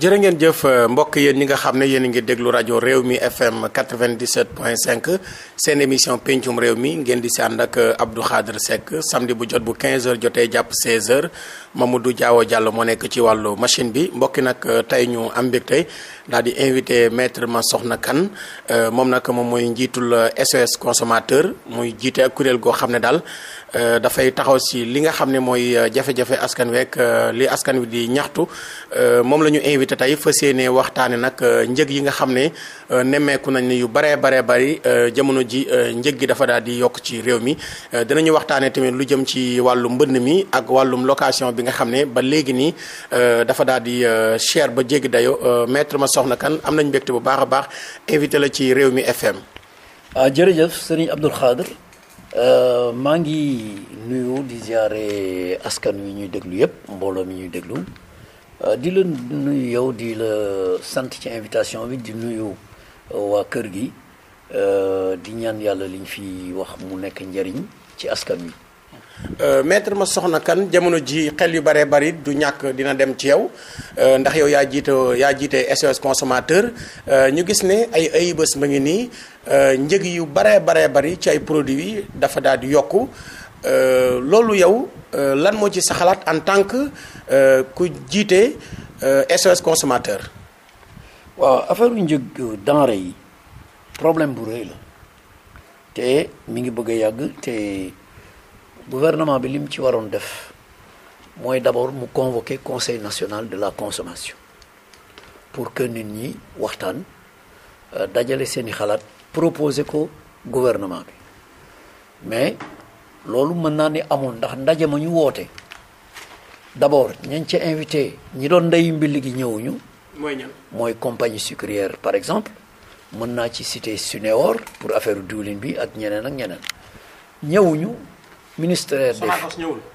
jërë ngeen jëf euh, mbokk yéen ñi nga xam ne yéen a ngi déglu rajo réew mi FM 97.5 seen émission pencum réew mi ngeen di si ànd ak euh, Abdou Khadre Seck samedi bu jot bu 15h jotee jàpp 16h Mamadou Diawo jàll moo nekk ci wàllu machine bi mbokki nag euh, tey ñu am mbégte daal di invité maître Massokhna Kane moom nag moom mooy njiitul SOS consommateur muy jiite ak kuréel goo xam ne daal. Euh, dafay taxaw si li nga xam ne mooy euh, jafe-jafe askan week euh, li askan wi di ñaxtu moom la ñu invité tey fas yéene waxtaane nag njëg yi nga xam ne nemmeeku nañ ne yu baree baree bari jamono ji njëg gi dafa daal di yokk ci réew mi dinañu waxtaane tamit lu jëm ci wàllu mbënn mi ak wàllum location bi nga xam ne ba léegi nii dafa daal di cher ba jéggi dayo maître ma soxna kan am nañ mbégte bu baax a baax invité la ci réew mi FM. Ah, jërëjëf sëriñ Abdoul Khadr Euh, maa ngi nuyu di ziare askan wi ñuy déglu yëpp mbooloo mi ñuy déglu euh, di la nuyu yow di la sant ci invitation bi di nuyu euh, waa kër gi di ñaan yàlla liñ fi wax mu nekk njariñ ci askan wi. Euh, ma Massokhna kan jamono ji xel yu bare bari du ñàkk dina dem ci yow euh, ndax yow yaa jiite yaa jiite SOS consommateur euh, ñu gis ne ay ay bés ma ngi nii njëg yu bare bare bari ci ay produits yi dafa daal di yokku loolu yow lan moo ci sa xalaat en tant que ku jiite SOS consommateur. waaw affaire u njëg denrée yi problème bu rëy la te mi ngi bëgg a yàgg gouvernement bi li mu ci waroon def mooy d'abord mu convoquer conseil national de la consommation pour que nit ñi waxtaan euh, dajale seeni xalaat proposer ko gouvernement bi mais loolu mën naa ni amul ndax ndaje ma ñu woote d'abord ñañ ca invité ñi doon ndeyu mbilli gi ñëwuñu. mooy mooy compagnie sucrière par exemple mën naa ci su Sunéor pour affaire diwlin bi ak ñeneen ak ñeneen ñëwuñu. ministère des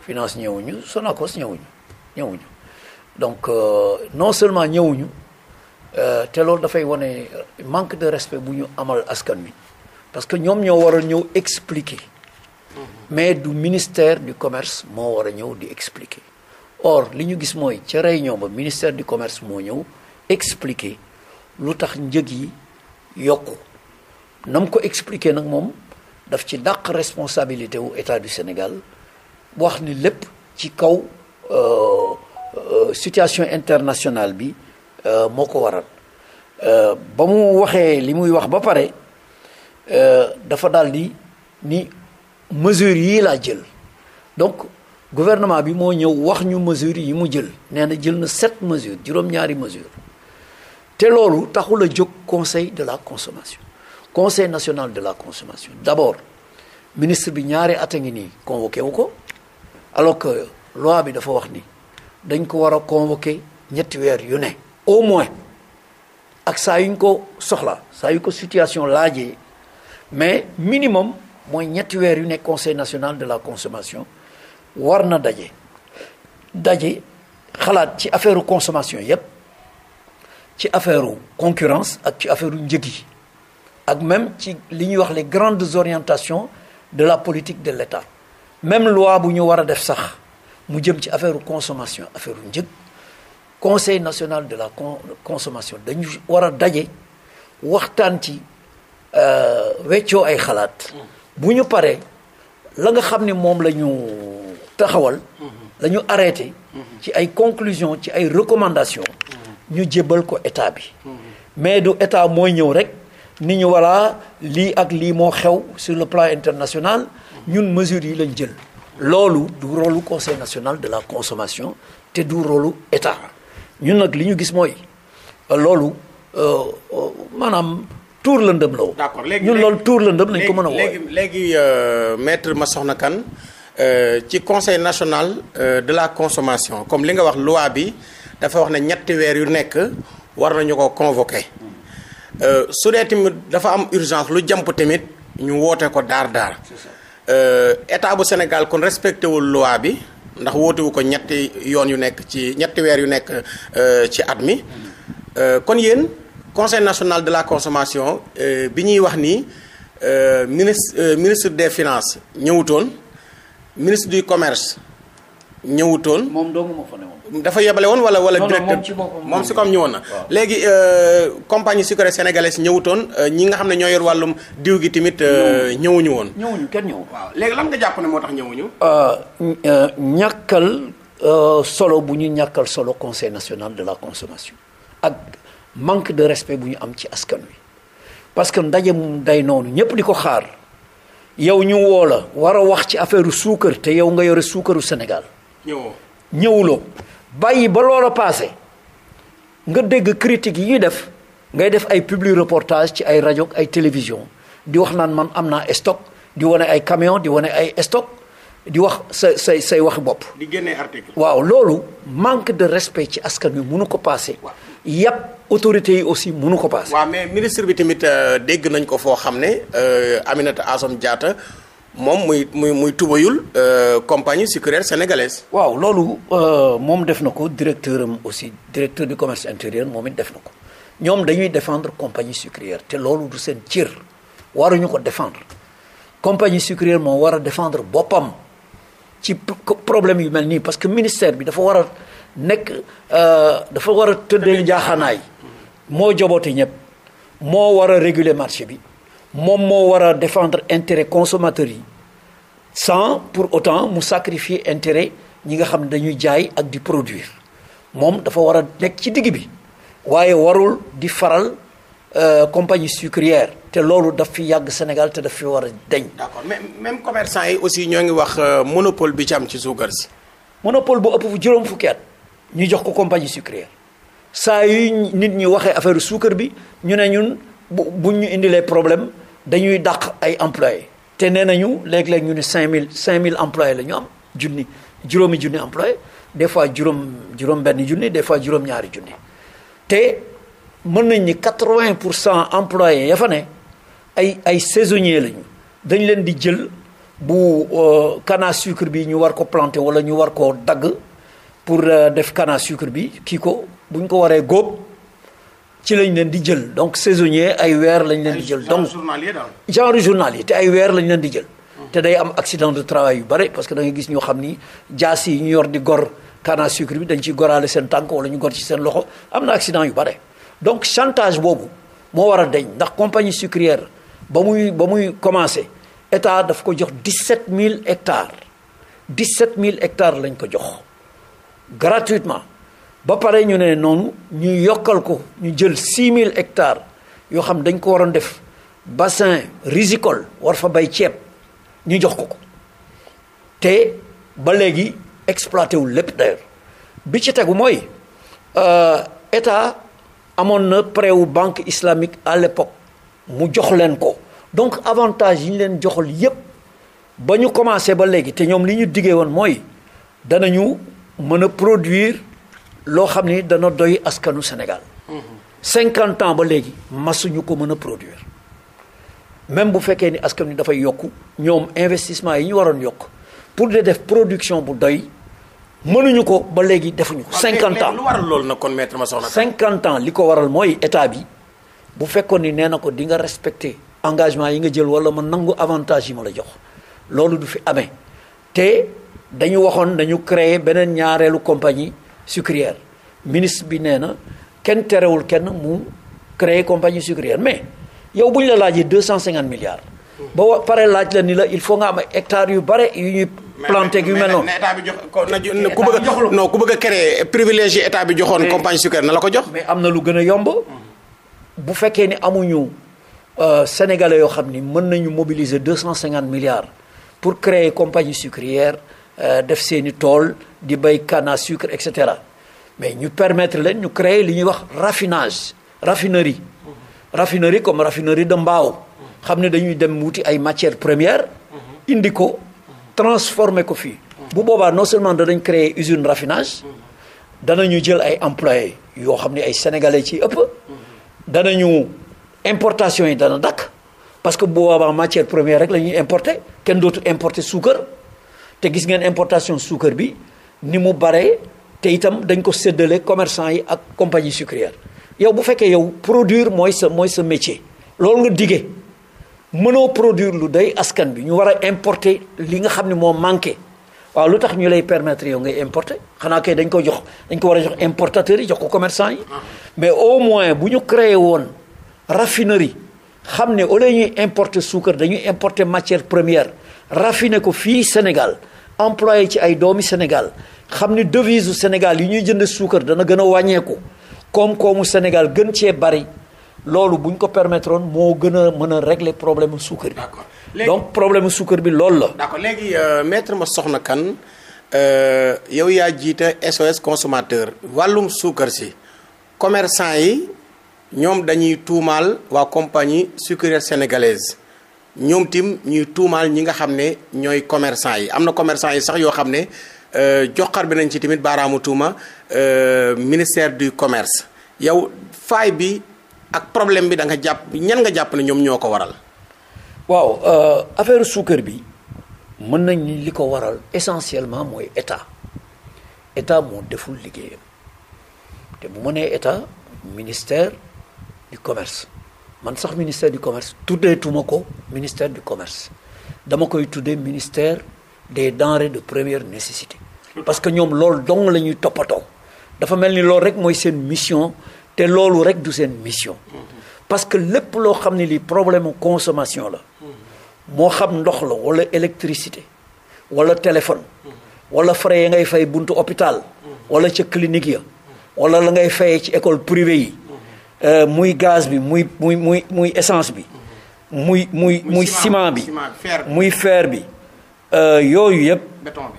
finances ñëwuñu Sonacos ñëwuñu ñëwuñu donc euh, non seulement ñëwuñu euh, te loolu dafay wane manque de respect bu ñu amal askan wi parce que ñoom ñoo war a ñëw expliquer mm-hmm. mais du ministère du commerce moo war a ñëw di expliquer or li ñu gis mooy cere réunion ba ministère du commerce moo ñëw expliquer lu tax njëg yi yokk nam ko expliquer nag moom daf ci dàq responsabilité wu état du Sénégal wax ni lépp ci kaw euh, euh, situation internationale bi euh, moo ko waral ba mu waxee li muy wax ba pare dafa daal di ni mesures yii laa jël donc gouvernement bi moo ñëw wax ñu mesures yi mu jël nee na jël na sept mesures juróom-ñaari mesures te loolu taxul a jóg conseil de la consommation conseil national de la consommation d'abord ministre bi ñaari at a ngi nii convoqué wu ko alors que loi bi dafa wax ni dañ ko war a convoqué ñetti weer yu ne au moins ak saa yuñ ko soxla saa yu ko situation laaje mais minimum mooy ñetti weer yu ne conseil national de la consommation war na daje daje xalaat ci affaire consommation yépp ci affaire concurrence ak ci affaire njëg yi ak même ci li ñuy wax les grandes orientations de la politique de l'État même loi bu ñu war a def sax mu jëm ci affaire consommation affaire njëg conseil national de la consommation dañu war a daje waxtaan ci euh, weccoo ay xalaat bu ñu paree la nga xam ne moom lañu taxawal la ñu arrêté ci ay conclusions ci ay recommandation ñu jébbal ko état bi mmh. mais du état mooy ñëw rek ni ñu voilà lii ak lii moo xew sur le plan international ñun mesure yi lañ jël loolu du rôlu conseil national de la consommation te du rôlu état ñun nag li ñu gis mooy euh, loolu euh, euh, maanaam tuur lëndëm la woo. d'accord léegi ñun loolu tuur lëndëm lañ ko mën a wooy léegi léegi maître Massokhna Kane ci conseil national de la consommation comme li nga wax loi bi dafa wax ne ñetti weer yu nekk war nañu ko convoquer. Euh, su dee tamit dafa am urgence lu jàmp tamit ñu woote ko daar daar euh, état bu Sénégal kon respecté wul loi bi ndax wootewu ko ñetti yoon yu nekk ci ñetti weer yu nekk euh, ci at mi kon yéen conseil national de la consommation bi ñuy wax nii ministre ministre des finances ñëwutoon ministre du commerce ñëwutoon. moom doomu dafa yebale woon wala wala. directeur moom si comme ñëwoon na. léegi euh, compagnie sucrière sénégalaise ñëwutoon euh, ñi nga xam ne ñoo yor wàllum diw gi tamit. Euh, ñëwuñu woon ñëwuñu kenn ñëwul. waaw léegi lan nga jàpp ne moo tax ñëwuñu. ñàkkal solo bu ñu ñàkkal solo conseil national de la consommation ak manque de respect bu ñu am ci askan wi parce que ndaje mu day noonu ñëpp di ko xaar yow ñu woola war a wax ci affaire suukar te yow nga yore suukaru Sénégal. ñëwoo. ñëwuloo bàyyi ba loola passé nga dégg critique yi ñuy def ngay def ay publi reportage ci ay rajo ay télévision di wax naan man am naa stock di wane ay camion di wane ay stock di wax sa say say waxi bopp. di génne waaw loolu manque de respect ci askan wi mënu ko passé. yàpp autorités yi aussi mënu ko passé. waaw mais ministre bi tamit euh, dégg nañ ko foo xam ne euh, aminat Assome Diatta. moom muy muy muy tubayul euh, compagnie sucrière sénégalaise. waaw loolu euh, moom def na ko directeur am aussi directeur du commerce intérieur moom it def na ko ñoom dañuy defendre compagnie sucrière te loolu du seen cër waruñu ko defendre compagnie sucrière moo war a défendre boppam ci problème yu mel nii parce que ministère bi dafa war a nekk euh, dafa war a tëddee njaaxaanaay moo joboote ñëpp moo war a réguler marché bi. moom moo war a défendre intérêt consommateur yi san pour autant mu sacrifier intérêt ñi nga xam ne dañuy jaay ak di produire moom dafa war a nekk ci digg bi waaye warul di faral euh, compagnie sucrière te loolu daf fi yàgg Sénégal te daf fi war a deñ d'accord même commerçant yi aussi ñoo ngi wax euh, monopole bi ci am ci suukar si monopole bu ëpp juróom fukki at ñu jox ko compagnie sucrière saa yu nit ñi waxee affaire suukar bi ñu ne ñun bu ñu indilee problème dañuy dàq ay employés te nee nañu léeg-léeg ñu ne 5000 5000 employés la ñu am junni juróomi junni employés des fois juróom juróom benn junni des fois juróom ñaari junni te mën nañ ni 80 pour cent employés ya fa ne ay ay saisonniers lañu dañ leen di jël bu euh, canne à sucre bi ñu war ko planter wala ñu war ko dagg pour euh, def canne à bi kii ko bu ñu ko waree góob ci lañ leen di jël donc saisonnier ay weer lañ leen di jël. donc genre journalier te ay weer lañ leen di jël. te day am accident de travail yu bare parce que da gis ñoo xam ni jaas yi ñu yor di gor canne à sucre bi dañ ciy goraale seen tànk wala ñu gor ci seen loxo am na accident yu bare. donc chantage boobu moo war a deñ ndax compagnie sucrière ba muy ba muy commencé état daf ko jox dix mille 17000 hectares 17000 hectares lañ ko jox gratuitement. ba pare ñu ne noonu ñu yokkal ko ñu jël mille hectares yoo xam dañ ko waroon def bassin risicole war fa bay ceeb ñu jox ko ko te ba léegi exploité wul lépp bi ci tegu mooy euh, état amoon na prêt banque islamique à l'époque mu jox leen ko donc avantage yi ñu leen joxal yépp ba ñu commencé ba léegi te ñoom li ñu diggee woon mooy danañu mën a produire loo xam ni dana doy askanu Sénégal. cinquante ans ba léegi masuñu ko mën a produir même bu fekkee ni askan wi dafay yokk ñoom investissement yi ñu waroon yokk pour de def production bu doy mënuñu ko ba léegi defuñu ko. cinquante ans lu waral loolu nag kon maître Massokhna cinquante ans li ko waral mooy état bi bu fekkoon ni nee na ko di nga respecté engagement yi nga jël wala ma nangu avantage yi ma la jox loolu du fi amee te dañu waxoon dañu créer beneen ñaareelu compagnie. sucrière ministre bi nee na kenn terewul kenn mu créer compagnie sucrière mais yow bu ñu la laajee deux cent cinquante milliards. ba wa pare laaj la ni la il faut nga am hectares yu bare yu ñuy. planté yu mel noonu état bi jox ko na ku bëgg non ku bëgg a créer privilégié état bi joxoon compagnie sucrière na la ko jox. mais am na lu gën a yomb. bu fekkee ni amuñu euh, sénégalais yoo xam ni mën nañu mobiliser deux cent cinquante milliards pour créer compagnie sucrière. Euh, def seeni tool di bay canne à sucre et cetera mais ñu permettre leen ñu créer li ñuy wax raffinage raffinerie raffinerie comme raffinerie de mbaaw xam ne dañuy dem wuti ay matières premières indi ko transformer ko fii bu boobaa non seulement danañ créer usine dana danañu jël ay employés yoo xam ne ay sénégalais ci ëpp ñu importation yi dana dakk parce que bu boobaa matière première rek la ñuy importer kenn dootu importer suukar te gis ngeen importation suukar bi ni mu bare te itam dañ ko séddale commerçant yi ak compagnie sucrière yow bu fekkee yow produir mooy sa mooy sa métier loolu nga diggee mënoo produire lu day askan bi ñu war a importer li nga xam ne moo manqué waaw lu tax ñu lay permettre yow nga importer xanaa kay dañ ko jox dañ ko war a jox importateurs yi jox ko commerçant yi mais au moins bu ñu créé woon raffinerie xam ne au ñuy importe suukar dañuy importer matière première raffiné ko fii Sénégal employé ci ay doomi Sénégal xam ni devise u Sénégal yi ñuy jënd suukar dana gën a wàññeeku koom-koomu Sénégal gën cee bari loolu bu ñu ko permettre moo gën a mën a régler problème suukar bi. d'accord léegi donc problème suukar bi loolu la. d'accord léegi euh, maître kan Kane euh, yow yaa jiite SOS consommateur wàllum suukar si commerçant yi ñoom dañuy tuumaal waa compagnie sucrière sénégalaise. ñoom tim ñuy tuumaal ñi nga xam ne ñooy commerçant yi am na commerçant yi sax yoo xam ne euh, joxar bi nañ ci tamit baaraamu tuuma euh, ministère du commerce yow faay bi ak problème bi da nga jàpp ñan nga jàpp ne ñoom ñoo ko waral. waaw euh, affaire suukar bi mën nañ ni li ko waral essentiellement mooy état état moo deful liggéeyam te bu ma nee état ministère du commerce. man sax ministère du commerce tuddeetuma ko ministère du commerce dama koy tuddee ministère de denrées de première nécessité parce que ñoom loolu dong la ñuy toppatoo dafa mel ni loolu rek mooy seen mission te loolu rek du seen mission parce que lépp loo xam ne li problème consommation la moo xam ndox la wala électricité wala téléphone wala frais ya ngay fay buntu hôpital wala ca clinique ya wala la ngay fayee école privée yi Euh, muy gaz bi muy muy muy muy essence bi. muy muy muy ciment bi muy fer bi. Euh, yooyu yëpp.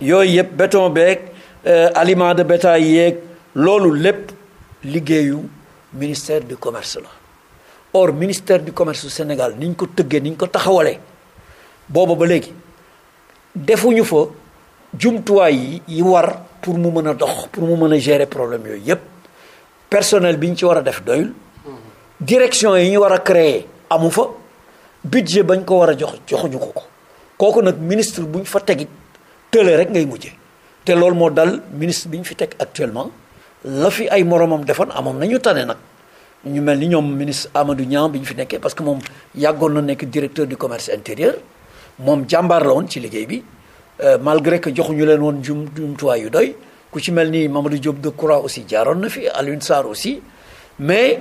yooyu yëpp béton beeg euh, aliment de bétail yeeg loolu lépp liggéeyu ministère du commerce la. or ministère du commerce Sénégal niñ ko tëggee niñ ko taxawalee booba ba léegi defuñu fa jumtuwaay yi yi war pour mu mën a dox pour mu mën a gérer problème yooyu yëpp personnel bi ñu ci war a def doyul. direction yi ñu war a créer amu fa budget bañ ko war a jox joxuñu ko ko kooku nag ministre bu ñu fa tegit tële rek ngay mujje te loolu moo dal ministre bi ñu fi teg actuellement la fi ay moromam defoon amoon nañu tane nag ñu mel ni ñoom ministre amadu Niang bi ñu fi nekkee parce que moom yàggoon na nekk directeur du commerce intérieur moom jàmbaar la woon ci liggéey bi euh, malgré que joxuñu leen woon jum jumtuwaay yu doy ku ci mel ni Mamadou Diop Decroix aussi jaaroon na fi Alioune Sarr aussi mais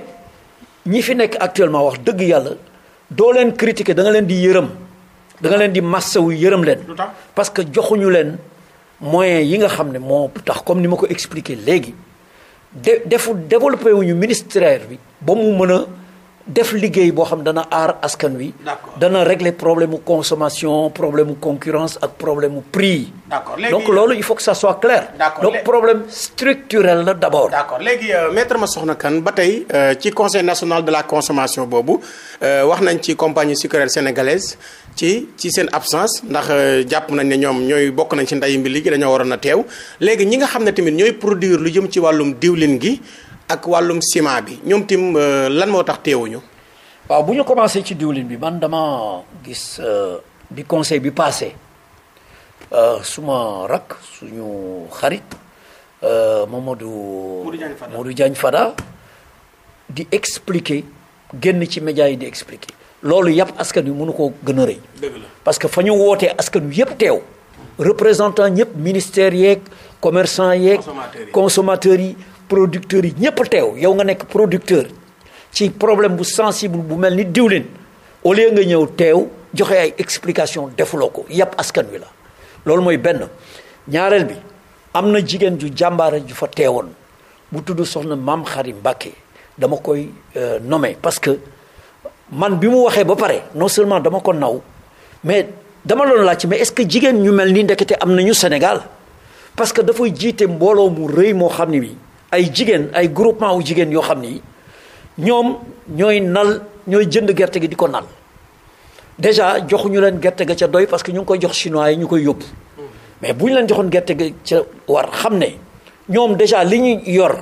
ñi fi nekk actuellement wax dëgg yàlla doo leen critiquer da leen di yërëm danga leen di massawu yërëm leen. parce que joxuñu leen moyen yi nga xam ne moo tax comme ni ma ko expliquer léegi de defu développé wuñu ministère bi ba mu mëna def liggéey boo xam dana aar askan wi. dana réglé problème mu consommation problème mu concurrence ak problème mu prix. donc euh, loolu il faut que ça soit clair. donc problème structurel la d' abord. d' accord léegi euh, maître Massokhna Kane ba tey euh, ci conseil national de la consommation boobu wax nañ ci compagnie sucrière sénégalaise ci ci seen absence ndax jàpp nañ ne ñoom ñooy bokk nañ ci ndeyu mbir gi dañoo waroon a teew léegi ñi nga xam ne tamit ñooy produire lu jëm ci wàllum diwlin gi. ak wàllum ciment bi ñoom tim euh, lan moo tax teewuñu. waaw bu ñu commencé ci diwlin bi man dama gis euh, bi conseil bi passé euh, suma rak ñu xarit moo Mamadou. du Diagne Fada di expliquer génn ci média yi di expliquer. loolu yàpp askan wi mënu koo gën rëy. parce que fa ñu wootee askan wi yëpp teew. représentant ñëpp ministère yeeg commerçant yeeg. consommateurs yi. producteurs yi ñëpp teew yow nga nekk producteur ci problème bu sensible bu mel ni diwlin au lieu nga ñëw teew joxe ay explication defuloo ko yàpp askan wi la loolu mooy benn ñaareel bi am na jigéen ju jàmbaara ju fa teewoon bu tudd soxna maam Xari Mbàkke dama koy euh, nommer parce que man bi mu waxee ba pare non seulement dama ko naw mais dama doon laaj mais est-ce que jigéen ñu mel ni ndekete am nañu Sénégal parce que dafay jiite mbooloo mu rëy moo xam ne bi ay jigéen ay groupement wu jigéen yoo xam ni ñoom ñooy nal ñooy jënd gerte gi di ko nal déjà joxuñu leen gerte ga ca doy parce que ñu ngi koy jox chinois yi ñu koy yóbbu mais bu ñu leen joxoon gerte ga ca war xam ne ñoom déjà li ñu yor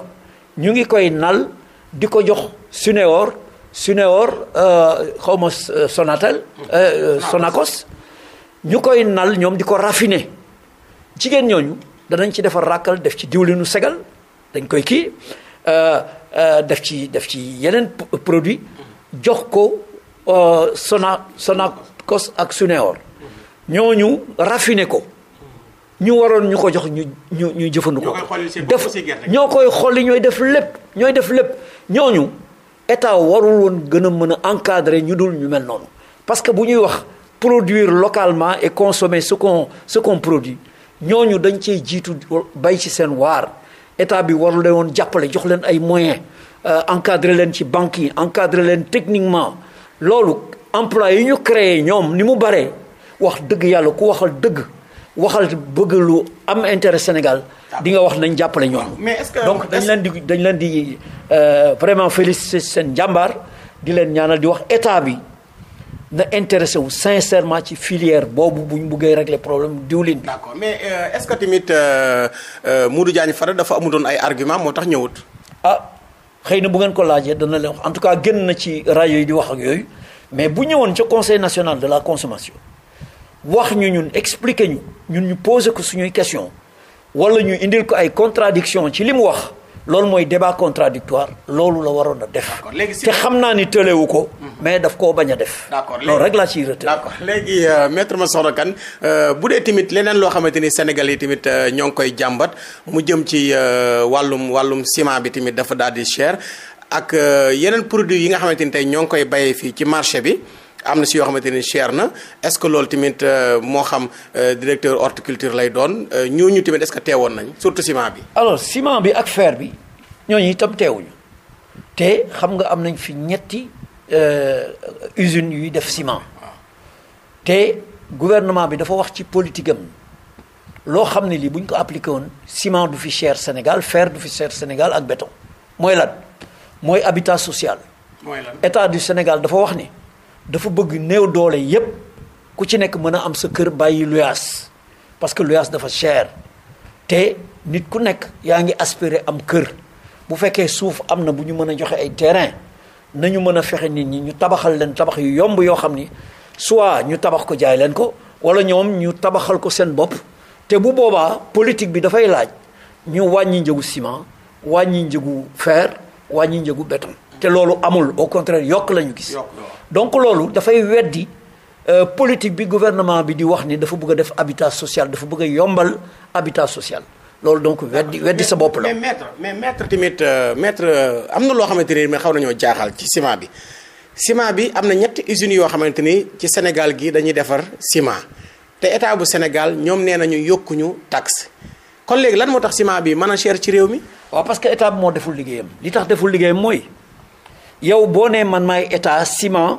ñu ngi koy nal di ko jox Suneor Suneor euh, xaw ma euh, Sonatel euh, Sonacos ñu koy nal ñoom di ko raffiné jigéen ñooñu danañ ci defar ràkkal def ci diwlinu segal dañ koy kii euh, euh, def ci def ci yeneen produit jox ko euh, Sona Sonacos ak Suneor ñooñu raffiné ko ñu waroon ñu ko jox ñu ñu ñu jëfandikoo def ñoo koy xolli ñooy def lépp ñooy def lépp ñooñu état warul woon gën a mën a encadrer ñu dul ñu mel noonu parce que bu ñuy wax produir localement et consommer ce qu'on ce qu'on produit ñooñu dañ cee jiitu bay ci seen waar état bi warul leen woon jàppale jox leen ay moyen euh, encadrer leen ci banques yi encadrer leen techniquement loolu emploi yi ñu créer ñoom ni mu bare wax dëgg yàlla ku waxal dëgg waxal bëgg lu am intérêt Sénégal di wax nañ jàppale ñoom donc dañ leen di dañ leen di euh, vraiment féliciter seen jàmbaar di leen ñaanal di wax état bi na intéressé wu sincèrement ci filière boobu bu ñu buggee régler problème diwlin bi. d'accord mais euh, est-ce que tamit euh, euh, Modou Diagne Fada dafa amutoon ay argument moo tax ñëwut. ah xëy na bu ngeen ko laajee dana leen wax en tout cas génn na ci rajo yi di wax ak yooyu mais bu ñëwoon ca conseil national de la consommation wax ñu ñun expliquer ñu ñun ñu poser ko suñuy question wala ñu indil ko ay contradiction ci li mu wax. loolu mooy débat contradictoire loolu la waroon a def. te xam naa ni tëlewu ko. Mhm. mais daf koo bañ a def. d'accord loolu rek laa ciy retenir. d'accord léegi metre euh, maître Massokhna Kane euh, bu dee tamit leneen loo xamante ni Sénégal yi tamit euh, ñoo ngi koy jàmbat mu jëm ci wàllum wàllum ciment bi tamit dafa daal di cher ak yeneen produits yi nga xamante ni tey ñoo ngi koy bayee fii ci marché bi. am na si yoo xamante ni cher na est-ce que loolu tamit euh, moo xam euh, directeur horticulture lay doon euh, ñu tamit est-ce que teewoon nañ surtout ciment bi. alors ciment bi ak fer bi ñooñu itam teewuñu te xam nga am nañ fi ñetti usines yuy def ciment te gouvernement bi dafa wax ci politique loo xam ne lii buñ ko appliqué woon ciment du fi cher Sénégal fair du fi cher Sénégal ak béto mooy lan mooy habitat social. mooy état du Sénégal dafa wax ni. dafa bëgg néew doole yépp ku ci nekk mën a am sa kër bàyyi luyaas parce que luyaas dafa cher te nit ku nekk yaa ngi aspiré am kër bu fekkee suuf am na bu ñu mën a joxe ay terrain nañu mën a fexe nit ñi ñu tabaxal leen tabax yu yomb yoo xam ni soit ñu tabax ko jaay leen ko wala ñoom ñu tabaxal ko seen bopp te bu boobaa politique bi dafay laaj ñu wàññi njëgu ciment wàññi njëgu fer wàññi njëgu béton te loolu amul au contraire yokk la ñu gis donc loolu dafay weddi euh, politique bi gouvernement bi di wax ni dafa bëgg a def habitat social dafa bëgg a yombal habitat social loolu donc weddi weddi sa bopp la mais maître mais maître tamit euh, maître euh, am na loo xamante ni mais xaw nañoo jaaxal ci ciment bi ciment bi am na ñetti usines yoo xamante ni ci Sénégal gi dañuy defar ciment te état bu Sénégal ñoom nee nañu yokkuñu taxe kon léegi lan moo tax ciment bi mën a cher ci réew mi. waaw parce que état moo deful liggéeyam li tax deful liggéeyam mooy. yow boo nee man maay état ciment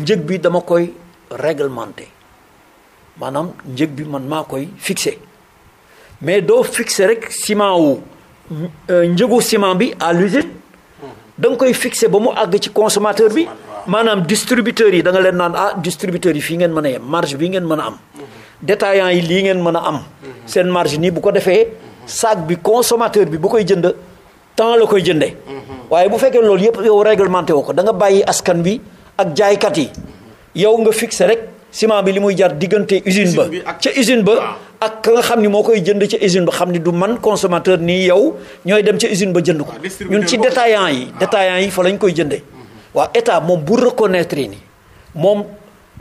njëg bi dama koy réglementé maanaam njëg bi man maa koy fixé mais doo fixé rek ciment wu euh, njëgu ciment bi à l'usine da koy fixé ba mu àgg ci consommateur bi maanaam distributeurs yi da nga leen naan ah distributeurs yi fii ngeen mën a yem marge bi ngeen mën a am détaillants yi lii ngeen mën a am seen marge nii bu ko defee sac bi consomateur bi bu koy jënd temps la koy jënde waaye bu fekkee loolu yëpp yow réglementé woo ko danga nga bàyyi askan bi ak jaaykat yi yow nga fixé rek ciment bi li muy jar diggante usine ba ca usine ba ak ka nga xam ni moo koy jënd ca usine ba xam ni du man consommateur nii yow ñooy dem ca usine ba jënd ko ñun ci détaillant yi détayan yi fa lañu koy jënde waa état moom bu reconnaître ni moom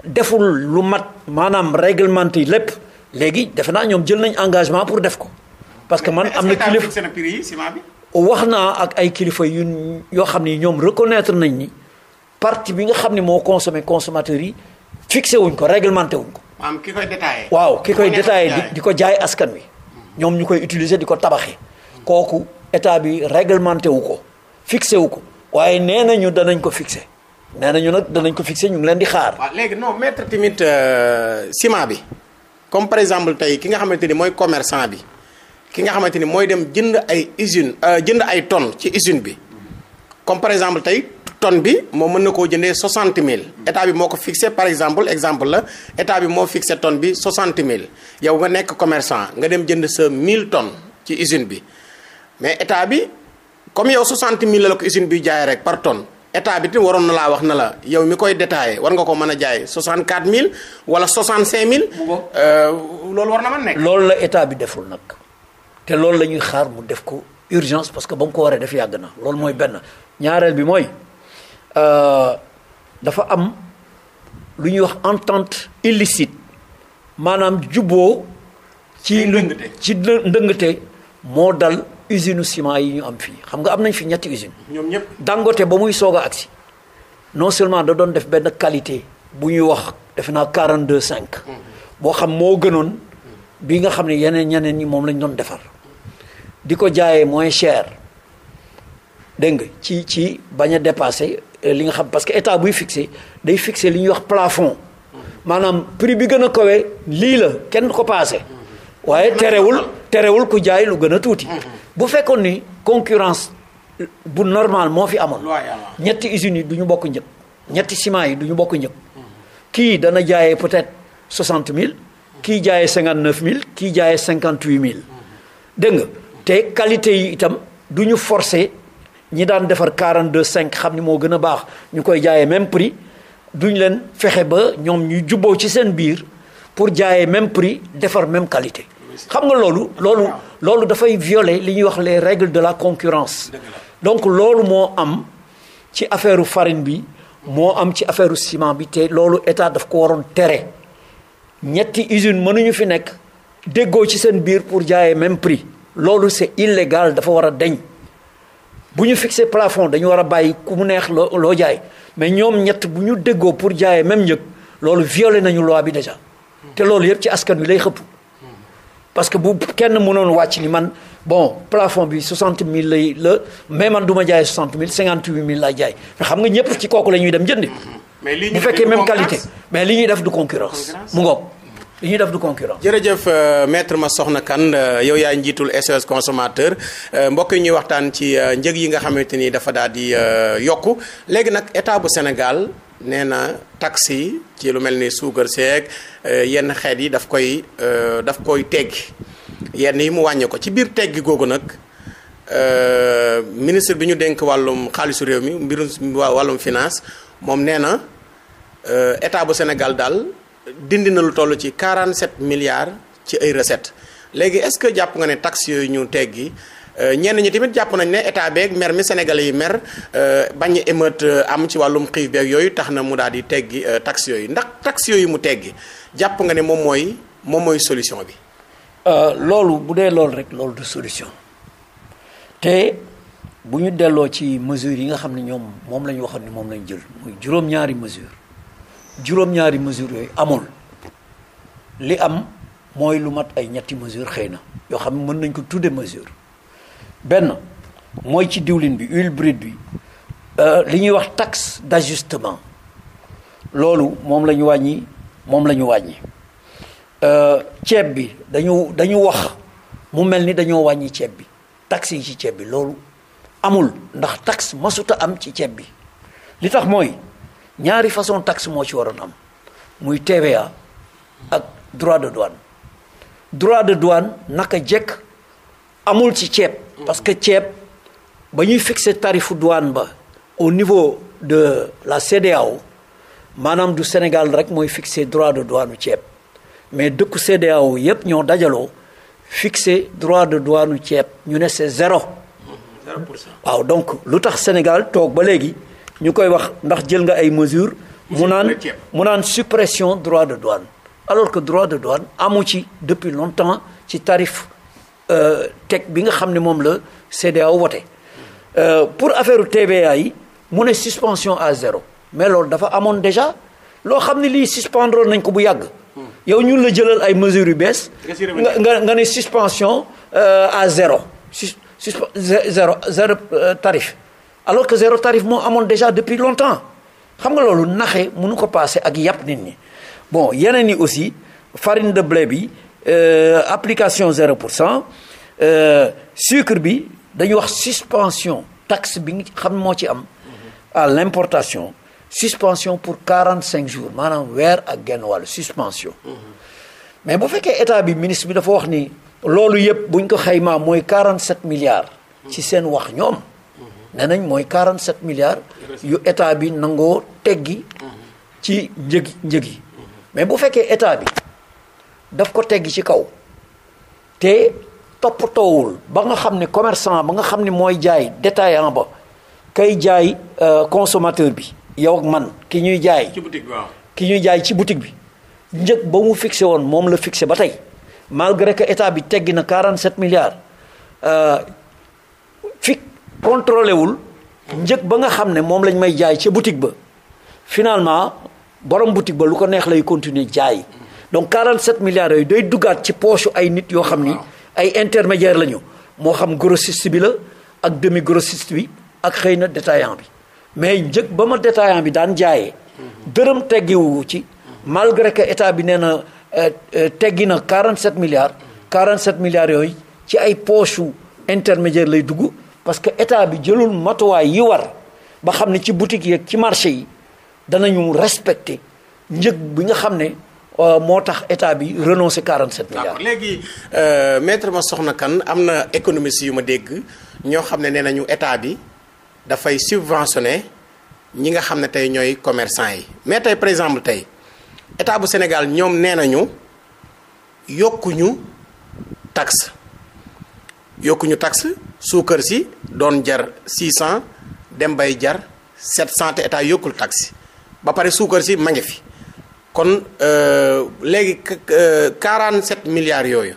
deful lu mat maanaam réglementé yi lépp léegi defe naa ñoom jël nañ engagement pour def ko parce que man am na kilif wax naa ak ay kilifa yu yoo xam ni ñoom reconnaître nañ ni partie bi nga xam ni moo consommé consommateur yi fixé wuñ ko réglementé wuñ ko. maanaam ki koy détaillé. waaw ki koy détaillé di di ko jaay askan bi ñoom ñu koy utiliser di ko tabaxee. kooku état bi réglementé wu ko fixé wu ko waaye nee nañu danañ ko fixé nee nañu nag danañ ko fixé ñu ngi leen di xaar. waaw léegi non maître tamit euh, ciment bi comme par exemple tey ki nga xamante ni mooy commerçant bi. ki nga xamante ni mooy dem jënd ay usine euh, jënd ay tonnes ci usine bi comme par exemple tey tonne bi moo mën na koo jëndee 60 mille état bi moo ko fixé par exemple exemple la état bi moo fixé ton bi 60 mille yow nga nekk commercant nga dem jënd sa mille tonnes ci usine bi mais état bi comme yow 60 mille la ko usine bi jaay rek par tonne état bi tamit waroon na laa wax na la yow mi koy détaillé war nga ko mën a jaay 64000 wala 65000. bu boobaa loolu war na mën loolu la état bi deful nag. te loolu la ñuy xaar mu def ko urgence parce que ba mu ko waree def yàgg na loolu mooy benn ñaareel bi mooy euh, dafa am lu ñuy wax entente illicite maanaam jubboo ci lu ci ndëngte moo dal usine ciment yi ñu am fii xam nga am nañ fi ñetti usine ñoom ñëpp Dangote ba muy soog a agsi non seulement da doon def benn qualité bu ñuy wax defe naa 42 cinq mm-hmm. boo xam moo gënoon bi nga xam ne yeneen ñeneen ñi moom lañu doon defar di ko jaaye moins cher dégg nga ci ci bañ a dépasser euh, li nga xam parce que état buy fixé day fixé li ñuy wax plafond maanaam prix bi gën a kawe lii la kenn ko passé waaye terewul terewul ku jaay lu gën a tuuti. bu fekkoon ni concurrence bu normal moo fi amoon. ñetti usines yi du ñu bokk njëg. ñetti ciment yi du ñu bokk njëg. kii dana jaayee peut-être soixante mille. kii jaayee cinquante neuf mille kii jaayee cinquante huit mille dégg nga. te qualité yi itam du ñu forcé ñi daan defar quarante 42 cinq xam ni moo gën a baax ñu koy jaayee même prix duñ leen fexe ba ñoom ñu jubboo ci seen biir pour jaayee même prix defar même qualité xam nga loolu loolu loolu dafay violer li ñuy wax les règles de la concurrence donc loolu moo am ci affaire farine bi moo am ci affaire ciment bi te loolu état daf ko waroon tere ñetti usine mënuñu fi nekk déggoo ci seen biir pour jaayee même prix loolu c'est illégal dafa war a deñ bu ñu fixee plafond dañu war a bàyyi ku mu neex loo loo jaay mais ñoom ñett bu ñu déggoo pour jaayee même njëg loolu violé nañu loi bi déjà te loolu yëpp ci askan wi lay xëpp parce que bu kenn mënoon wàcc ni man bon plafond bi 60 000 lay la mais man du ma jaay 60 000 58 mille laay jaay mais xam nga ñëpp ci kooku la ñuy dem jëndi bu fekkee même qualité mais li ñuy def du concurrence mu ngoog li ñuy def du concurrent. jërëjëf euh, maître Massokhna Kane euh, yow yaay njiitul SOS consommateur euh, mbokk yi ñuy waxtaan ci njëg yi nga xamante ni dafa daal di yokku léegi nag état bu Sénégal nee na taxes yi ci lu mel ni suukar seeg yenn xeet yi daf koy daf koy teggi yenn yi mu wàññi ko ci biir teggi googu nag. Euh, ministre bi ñu dénk wàllum xaalisu réew mi mbirum wàllum finance moom nee na état bu Sénégal daal dindi na lu toll ci 47 milliards ci ay recettes léegi est-ce que jàpp nga ne taxes yooyu ñu teggi euh, ñenn ñi tamit jàpp nañ ne état beeg mer mi sénégalais yi mer euh, bañ émeute euh, am ci wàllum xiif beeg yooyu tax na mu daal di teggi taxes yooyu ndax taxes yooyu mu teggi jàpp nga ne moom mooy moom mooy solution bi. loolu bu dee loolu rek loolu du solution te bu ñu delloo ci mesures yi nga xam ne ñoom moom la ñu waxoon ni moom la ñu jël muy juróom-ñaari mesure juróom-ñaari mesures yooyu amul li am mooy lu mat ay ñetti mesures xëy na yoo xam ne mën nañ ko tudde mesure benn mooy ci diwlin bi huile bride bi euh, li ñuy wax taxe d'ajustement loolu moom lañu wàññi moom la wàññi euh, ceeb bi dañu dañu wax mu mel ni dañoo wàññi ceeb bi taxe yi ci ceeb bi loolu amul ndax tax masuta am ci ceeb bi li tax mooy ñaari façon tax moo ci waroon am muy TVA ak droit de douane droit de douane naka jekk amul ci ceeb parce que ceeb ba ñuy fixer tarifu douane ba au niveau de la CEDEAO maanaam du Sénégal rek mooy fixer droit de douane ceeb mais dëkku CEDEAO yépp ñoo dajaloo fixer droit de douane ceeb ñu ne c'est zéro waaw donc lu tax Sénégal toog ba léegi ñu koy wax ndax jël nga ay mesures. mu naan mu naan suppression droit de douane. alors que droit de douane amu ci depuis longtemps ci tarif euh, teg bi nga xam ne moom la aw wote euh, pour affaire TVA yi mu ne suspension à zéro mais loolu dafa amoon déjà loo xam ne lii suspendre nañ ko bu yàgg. Hmm. yow ñun la jëlal ay mesures yu bees. nga nga ne suspension euh, à zéro sus zéro zéro tarif. alors que zéro tarif moo amoon déjà depuis longtemps xam nga loolu naxe mënu ko passé ak yàpp nit ñi bon yeneen yi aussi farine de blé bi euh, application zéro pour cent euh, sucre bi dañuy wax suspension taxe bi nga xam moo ci am à l'importation suspension pour cinq jours maanaam weer ak genn wàll suspension mm mais bu fekkee état bi ministre bi dafa wax ni loolu yëpp buñ ko xaymaa mooy quarante 47 milliards ci seen wax ñoom nee nañ mooy 47 milliards yu état bi nangoo teggi ci njëgi njëgi mais bu fekkee état bi daf ko teggi ci kaw te toppatoowul ba nga xam ne commerçant ba nga xam ni mooy jaay détaillant ba kay jaay euh, consommateur bi yow ak man ki ñuy jaay ci ki ñuy jaay ci boutique bi njëg ba mu fixé woon moom la fixé ba tey malgré que état bi teggi na 47 milliards euh, fi contrôlé wul njëg ba nga xam ne moom lañ may jaay ca boutique ba finalement borom boutique ba lu ko neex lay continuer jaay donc 47 milliards yooyu doy duggaat ci poche ay nit yoo xam ni ay intermédiaire la ñu moo xam grossiste bi la ak demi grossiste bi ak xëy na détaillant bi mais njëg ba ma détaillant bi daan jaayee dërëm teggiwu ci malgré que état bi nee na euh, euh, teggi na 47 milliards 47 milliards yooyu ci ay poche intermédiaire lay dugg parce que état bi jëlul matuwaay yi war ba xam ne ci boutique yeeg ci marché yi danañu respecte njëg bi nga xam ne euh, moo tax état bi renoncé 47 milliards. d'accord léegi euh, maître Massokhna Kane am na économiste yu ma dégg ñoo xam ne nee nañu état bi dafay subventionné ñi nga xam ne tey ñooy commerçant yi mais tey par exemple tey état bu Sénégal ñoom nee nañu yokkuñu taxe yokkuñu taxe. suukar si doon jar 600 dem bay jar 700 te état yokkul taxi ba pare suukar si ma ngi fi kon euh, léegi 47 euh, milliards yooyu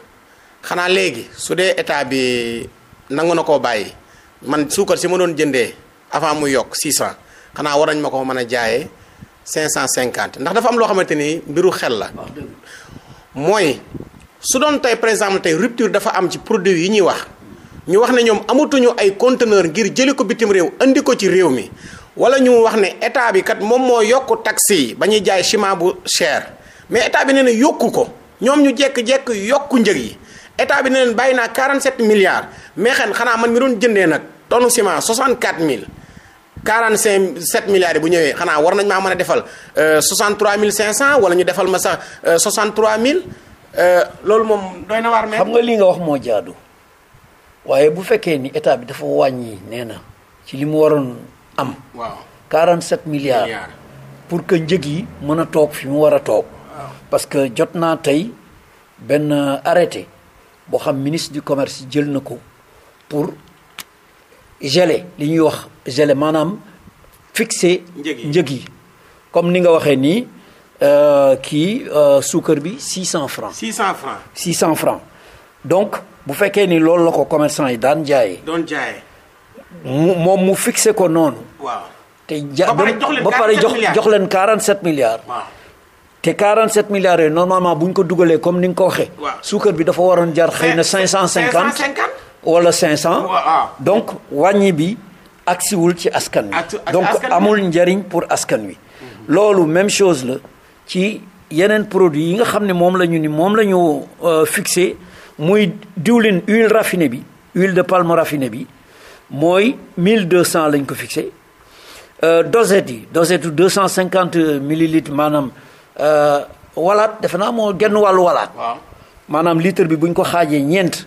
xanaa léegi su dee état bi nangu na koo bàyyi man suukar si ma doon jëndee avant mu yokk 600 xanaa war nañ ma ko mën a jaayee cinquante ndax dafa am loo xamante ni mbiru xel la mooy su doon tey par exemple tey rupture dafa am ci produit yi ñuy wax. ñu wax ne ñoom amatuñu ay conteneur ngir jëli ko bitim réew indi ko ci réew mi wala ñu wax ne état bi kat moom moo yokk taxi yi ba ñuy jaay ciment bu cher mais état bi ne na yokku ko ñoom ñu jekk-jekk yokku njëg yi état bi ne leen bàyyi naa 47 milliards mais xen xanaa man mi doon jëndee nag tonne ciment 64000 47 milliards yi bu ñëwee xanaa war nañ maa mën a defal euh, mille cent wala ñu defal ma sax 63000 euh, euh, loolu moom doy na waar mais xam nga li nga wax moo jaadu. waaye bu fekkee ni état bi dafa wàññi nee na ci li mu waroon am. waaw 47 milliards. milliards pour que njëg yi mën a toog fi mu war a toog. parce que jot naa tey benn arrêté boo xam ministre du commerce jël na ko pour geler li ñuy wax geler maanaam fixer. njëg yi comme ni nga waxee nii euh, kii euh, suukar bi 600 cent 600 francs 600 francs. donc bu fekkee ni loolu la ko commerçant yi daan jaayee. doon jaayee. moom mu fixé ko noonu. waaw te ja ba pare jox jox leen 47 milliards. waaw te 47 milliards yooyu normalement bu ñu ko dugalee comme ni nga ko waxee. waaw suukar bi dafa waroon jar xëy na 550. 550 wala 500. waaw donc wàññi bi agsiwul ci askan wi. donc amul njariñ pour askan wi. loolu même chose la ci yeneen produit yi nga xam ne moom la ñu ni moom lañu ñu euh, muy diwlin huile rafine bi huile de palme rafine bi mooy 1200 lañ ko fixé euh, dosette yi dosette deux cent cinquante millilitres maanaam euh, walaat defe naa moo genn wàllu walaat maanaam litre bi buñ ko xaajee ñeent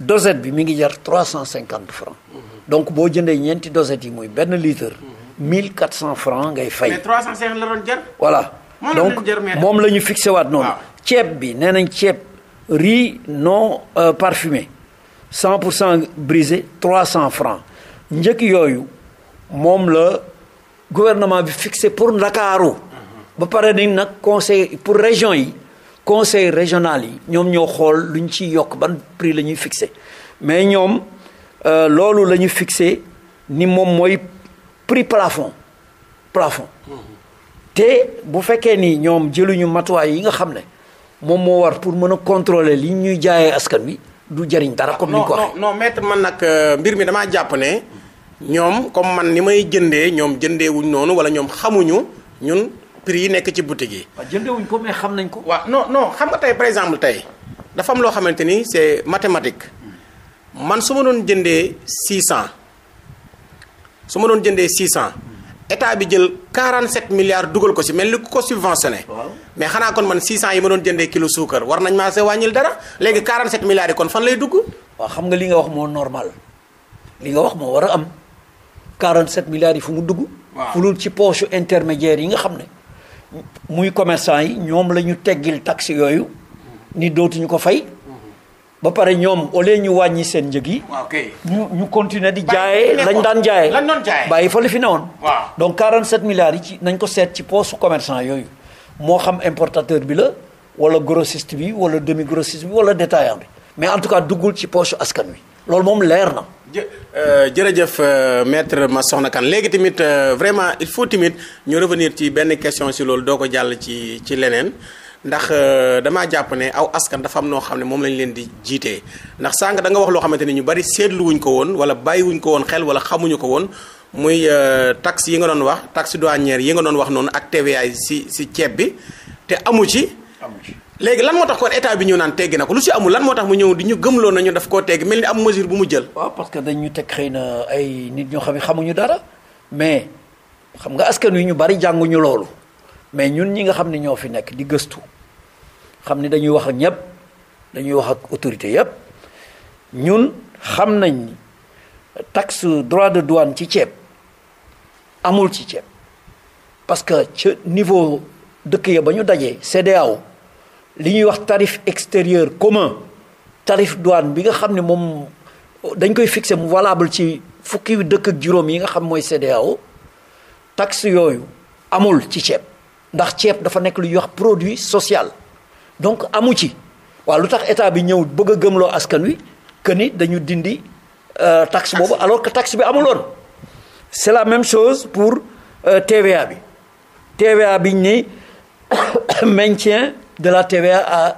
dosette bi mi ngi jar trois cent cinquante francs mhm. donc boo jëndee ñeenti dosette yi muy benn litre mhm. mille quatre cent francs ngay fay mais trois cent cinquante la doon jar voilà donc moom la ñu fixé waat noonu ceeb bi nee nañ ceeb riz non euh, parfumé 100 pour cent trois cent francs njëkk yooyu moom la gouvernement bi fixé pour Ndakaaru ba pare ni nag conseil pour région yi conseil régional yi ñoom ñoo xool lu ñu ciy yokk ban prix la ñuy fixé mais ñoom euh, loolu la ñu fixé ni moom mooy prix plafond plafond mmh. te bu fekkee ni ñoom jëluñu matuwaay yi nga xam ne moom moo war pour mën a contrôler li ñuy jaayee askan wi du jariñ dara. comme ni ko waxee non non man nag euh, mbir mi damaa jàpp ne ñoom comme man ni may jëndee ñoom jëndee noonu wala ñoom xamuñu ñun prix yi nekk ci boutique yi. waaw jëndee wuñ ko mais xam nañ ko. waa non non xam nga tey par exemple tey dafa am loo xamante ni c'est mathématique man su ma doon jëndee 600 su ma doon jëndee 600. état bi jël 47 milliards dugal ko si mel ni ku ko subventionné. mais xanaa kon man 600 yi ma doon jëndee kilo suukar war nañ ma se wàññil dara léegi 47 milliards yi kon fan lay dugg. waaw xam nga li nga wax moo normal li nga wax moo war a am 47 milliards yi fu mu dugg. waaw fu dul ci poche intermédiaire yi nga xam ne. muy commerçant yi ñoom la ñu teggil taxe yooyu. ni dootuñu ko fay. ba pare ñoom au lieu ñu wàññi seen njëg yi. Ah, ñu ñu continuer di jaayee lañ daan jaaye lañ doon jaayee bàyyi fa li fi newoon. waaw donc 47 milliards yi ci nañ ko seet ci poosu commerçant yooyu moo xam importateur bi la wala grossiste bi wala demi grossiste bi wala détaillant bi mais en tout cas duggul ci poosu askan wi loolu moom leer na. Euh, jërëjëf euh, ma soxna kan léegi tamit euh, vraiment il faut tamit ñu revenir ci benn question si loolu doo ko jàll ci ci leneen. ndax euh, damaa jàpp ne aw askan dafa am noo xam ne moom lañ leen di jiitee ndax sàng da nga wax loo xamante ni ñu bari seetluwuñ ko woon wala bàyyiwuñ ko woon xel wala xamuñu ko woon muy euh, taxe yi nga doon wax taxe douanière yi nga doon wax noonu ak TVA si si ceeb bi te amu ci. léegi lan moo tax kon état bi ñëw naan teggi na ko lu si amul lan moo tax mu ñëw di ñu gëmloo nañu daf koo tegg mel ni am mesure bu mu jël. waaw parce que dañ ñu teg xëy na ay nit ñoo xam ne xamuñu dara mais xam nga askan wi ñu bari jànguñu loolu mais ñun ñi nga xam ne ñoo fi nekk di gëstu xam ni dañuy wax ak ñëpp dañuy wax ak autorité yëpp ñun xam nañ ni taxe de douane ci ceeb amul ci ceeb parce que ca niveau dëkk ya ba ñu dajee CEDEAO li ñuy wax tarif extérieur commun tarif douane bi nga xam ne moom dañ koy fixé mu valable ci fukki dëkk ak juróom yi nga xam mooy CEDEAO taxe yooyu amul ci ceeb ndax ceeb dafa nekk lu ñuy wax produit social donc amu ci waaw lu tax état bi ñëw bëgg a gëmloo askan wi que ni dañu dindi euh, tax boobu alors que tax bi amuloon c'est la même chose pour euh, tv TVA bi TVA bi ñu ne maintien de la TVA à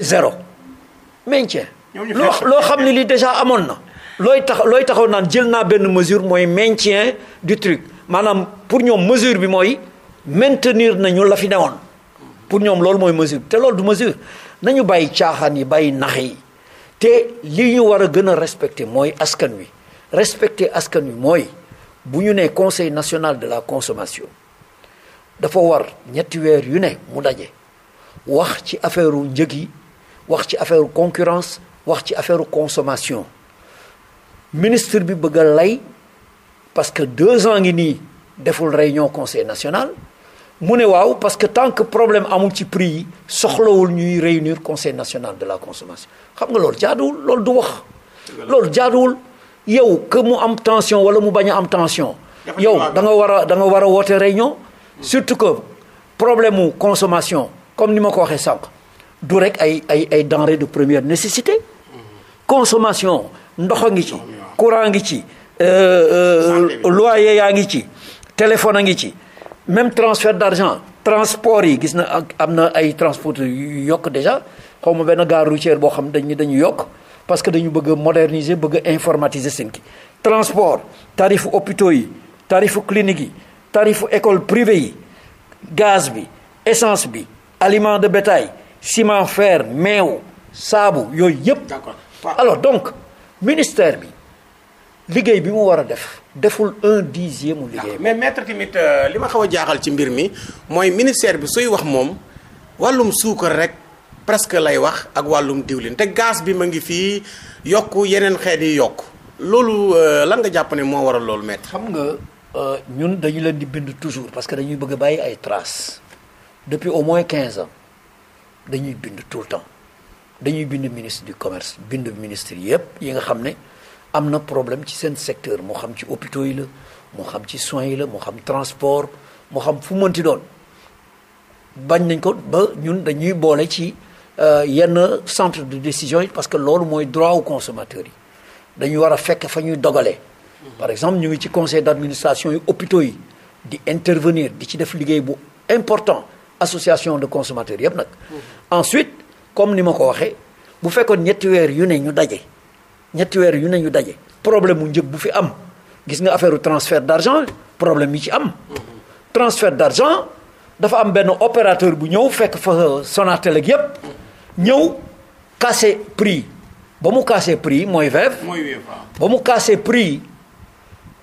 zéro maintien loo loo xam ne li déjà amoon na looy tax looy taxaw naan jël naa benn mesure mooy maintien du truc maanaam pour ñoom mesure bi mooy maintenir nañu la fi newoon pour ñoom loolu mooy mesure te loolu du mesure nañu bàyyi caaxaan yi bàyyi nax yi te li ñu war a gën a respecter mooy askan wi respecter askan wi mooy bu ñu nee conseil national de la consommation dafa war ñetti weer yu ne mu daje wax ci affaire u njëg yi wax ci affaire u concurrence wax ci affaire u consommation ministre bi bëgg lay parce que deux ans ngi nii deful réunion conseil national mu ne waaw parce que tant que problème amul ci prix yi soxlawul ñuy réunir conseil national de la consommation xam nga loolu jaaduwul loolu du wax loolu jaaduwul yow que mu am tension wala mu bañ a am tension yow danga nga war a da nga war a woote réunion surtout que problème mu consommation comme ni ma ko waxee sànq du rek ay ay ay denrées de première nécessité consommation ndox a ngi ci courant ngi ci euh, euh, loyer yaa ngi ci téléphone a ngi ci même transfert d' argent transport yi gis na ak am na ay transport yu yokk déjà xaw ma benn gare routière boo xam dañu dañu yokk parce que dañu bëgg a bëgg a informatiser seen ki transport tarifu hôpitaux yi tarifu clinique yi tarifu école privée yi gaz bi essence bi aliment de bétail ciment fer meew saabu yooyu yëpp. d'accord alors donc ministère bi. liggéey bi mu war a def deful un dixième mu liggéey mais maître tamit euh, li ma xaw a jaaxal ci mbir mi mooy ministère bi suy wax moom wàllum suukar rek presque lay wax ak wàllum diwlin te gaz bi ma ngi fii yokk yeneen xeet yi yokk loolu euh, lan nga jàpp ne moo waral loolu maître xam nga euh, ñun dañu leen di bind toujours parce que dañuy bëgg a bàyyi ay trace depuis au moins quinze ans dañuy bind tout le temps dañuy bind ministre du commerce bind ministre yëpp yi nga xam ne am na problème ci seen secteur moo xam ci hôpitaux yi la moo xam ci soins yi la moo xam transport moo xam fu mënti doon bañ nañ ko ba ñun dañuy boole ci euh, yenn centre de décision yi parce que loolu mooy droit aux consommateurs yi dañu war a fekk fa ñuy dogalee par exemple ñu ngi ci conseil d'administration yu hôpitaux yi di intervenir di ci def liggéey bu important association de consommateurs yëpp nag mmh. ensuite comme ni ma ko waxee bu fekkoon ñetti weer yu ne ñu daje ñetti weer yu ne ñu daje problème mu njëg bu fi am gis nga affaire transfert d' argent problème yi ci am. transfert d' argent dafa am benn opérateur bu ñëw fekk fa euh, sonate ak yépp ñëw casser prix ba mu casser prix mooy Wave. ba mu casse prix yi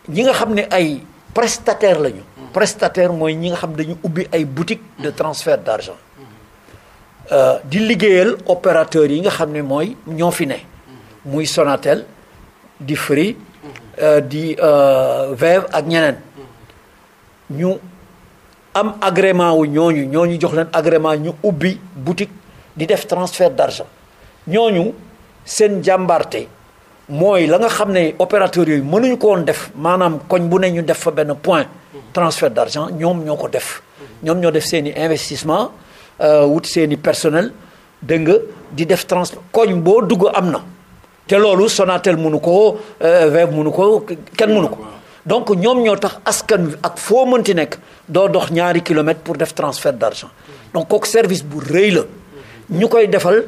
ñi nga xam ne ay prestataire lañu. Mm-hmm. prestataire mooy ñi nga xam dañu ubbi ay boutique de mm-hmm. transfert d' argent. Mm-hmm. Euh, di liggéeyal opérateur yi nga xam ne mooy ñoo fi ne. muy Sonatel di Free euh, di euh, Wave ak ñeneen ñu am agrément wu ñooñu ñooñu jox leen agrément ñu ubbi boutique di def transfert d'argent ñooñu seen jàmbarte mooy la nga xam ne opérateurs yooyu mënuñu ko woon def maanaam koñ bu ne ñu def fa benn point transfert d'argent ñoom ñoo ko def ñoom ñoo def seen i investissement euh, wut seen i personnel dégg nga di def trans koñ boo dugg am na te loolu Sonatel mënu ko euh, Wave munu ko kenn mënu ko donc ñoom ñoo tax askan wi ak foo mënti nekk doo dox ñaari kilomètres pour def transfert d'argent donc kooku service bu rëy la ñu koy defal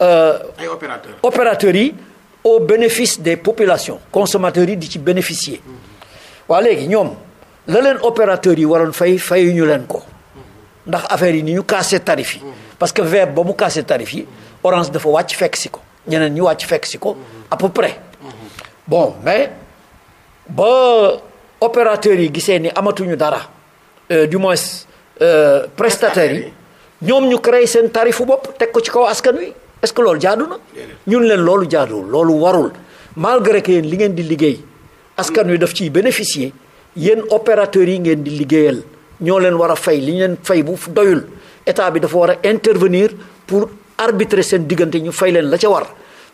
ay euh, opérateurs opérateurs yi au bénéfice des populations consommateurs yi di ci bénéficier waa léegi ñoom la leen opérateurs yi waral fay ñu leen ko ndax affaire yi ni ñu cassé tarif yi parce que Wave ba mu cassé tarif yi Orange dafa wàcc fekk si ko ñeneen ñu wàcc fekk si ko à peu près bon mais ba opérateurs yi gisee ni amatuñu dara euh, du moins euh, prestataires yi ñoom ñu créé seen tarifu bopp teg ko ci kaw askan wi est-ce que loolu jaadu na ñun leen loolu jaaduwul loolu warul malgré que li ngeen di liggéey askan wi daf ci bénéficier yéen opérateurs yi ngeen di liggéeyal ñoo leen war a fay li ñu leen fay bu doyul état bi dafa war intervenir pour arbitré seen diggante ñu fay leen la ca war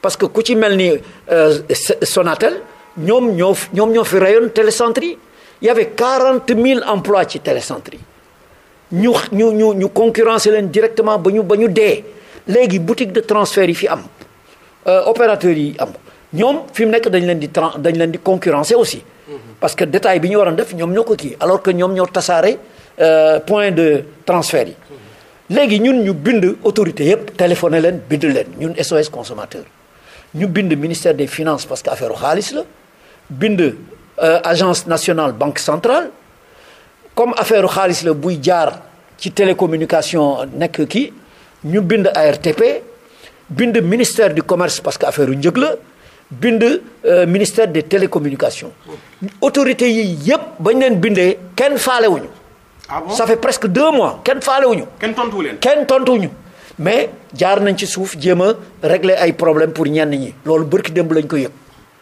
parce que ku ci mel ni euh, Sonatel ñoom ñoo ñoom ñoo fi rayoon télécentre yi y avait quarante mille emplois ci télécentre yi ñu ñu ñu ñu concurrencé leen directement ba ñu ba ñu dee léegi boutique de transfert yi fi am euh, opérateurs yi am ñoom fi mu nekk dañ leen di tran dañ leen di concurrencé aussi mm-hmm. parce que détail bi ñu waroon def ñoom ñoo ko alors que ñoom ñoo tasaare euh, point de transfert yi mm-hmm. léegi ñun ñu bind autorité yëpp téléphoné leen bind leen ñun SOS consommateur ñu bind ministère des finances parce que affaire xaalis la bind euh, agence nationale banque centrale comme affaire xaalis la buy jaar ci télécommunication nekk kii ñu bind ARTP bind ministère du commerce parce que affaire njëg la bind euh, ministère des télécommunications autorité yi yëpp bañ leen bindee kenn faalewuñu ah bon ça fait presque deux mois kenn faalewuñu kenn tontuwu leen kenn tontuwuñu mais jaar nañ ci suuf jéem a régler ay problème pour ñenn ñi loolu bërki démb lañ ko yëg.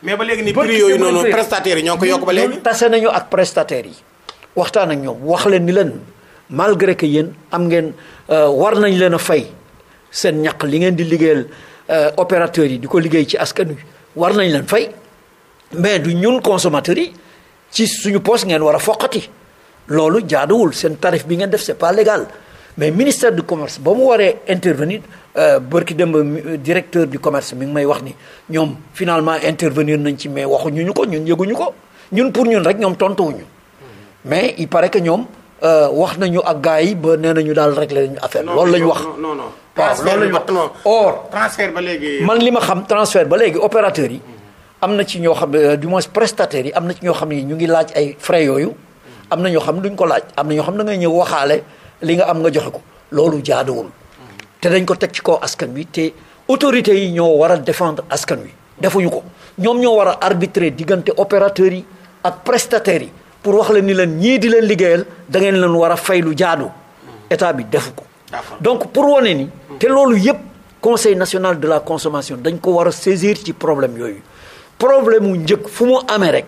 mais ba léegi ni prix yooyu noonu prestataires yi ñoo ko yokk ba léegi. tase nañu ak prestataires yi waxtaan ak ñoom wax leen ni leen malgré que yéen am ngeen euh, war nañ leen a fay seen ñaq li ngeen di liggéeyal euh, opérateurs yi di ko liggéey ci askan wi war nañ leen fay mais du ñun consommateurs yi ci suñu poche ngeen war a foqati. loolu jaaduwul seen tarif bi ngeen def c'est pas légal mais ministère du commerce ba mu waree intervenir euh, bërki demb directeur du commerce mi ngi may wax ni ñoom finalement intervenir nañ ci mais waxuñu ñu ko ñun yëguñu ko ñun pour ñun rek ñoom tontuwuñu mais il paraît que ñoom euh, wax nañu ak gars yi ba nee nañu daal réglé nañu affaire loolu lañu wax non non waaw loolu lañu wax or transfert ba léegi man li ma xam transfert ba léegi opérateurs yi mm-hmm. am na ci ñoo xam euh, du moins prestataires yi am na ci ñoo xam ne ñu ngi laaj ay frais yooyu am na ñoo xam duñ ko laaj am na ñoo xam da ngay ñëw waxaale li nga am nga joxe ko loolu jaaduwul te dañ ko teg ci kaw askan wi te autorités yi ñoo war a défendre askan wi defuñu ko ñoom ñoo war a arbitrer diggante opérateurs yi ak prestataires yi pour wax leen ni leen ñii di leen liggéeyal da ngeen leen war a fay lu jaadu état bi defu ko donc pour wane ni te loolu yëpp conseil national de la consommation dañ ko war a saisir ci problème yooyu problème mu njëkk fu mu amee rek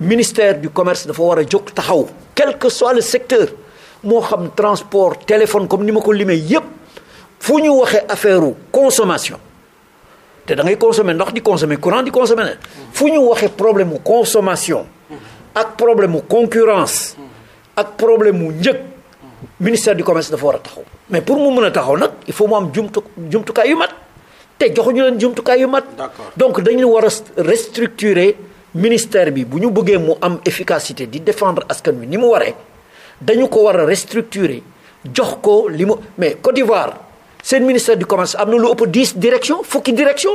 ministère du commerce dafa war a jóg taxaw quel que soit le secteur moo xam transport téléphone comme ni ma ko limee yépp fu ñu waxee affaire u consommation te da ngay consommer ndox di consommer courant di consommer ne fu ñu waxee problème mu consommation ak problème mu concurrence ak problème mu njëg ministère du commerce dafa war a taxaw mais pour mu mën a taxaw nag il faut mu am jumtu jumtukaay yu mat te joxuñu leen jumtukaay yu mat donc dañu war a restricturer ministère bi bu ñu bëggee mu am efficacité di défendre askan wi ni mu waree dañu ko war a restructurer jox ko li mu mais Côte d'Ivoire seen ministère du commerce am na lu ëpp dix direction fukki direction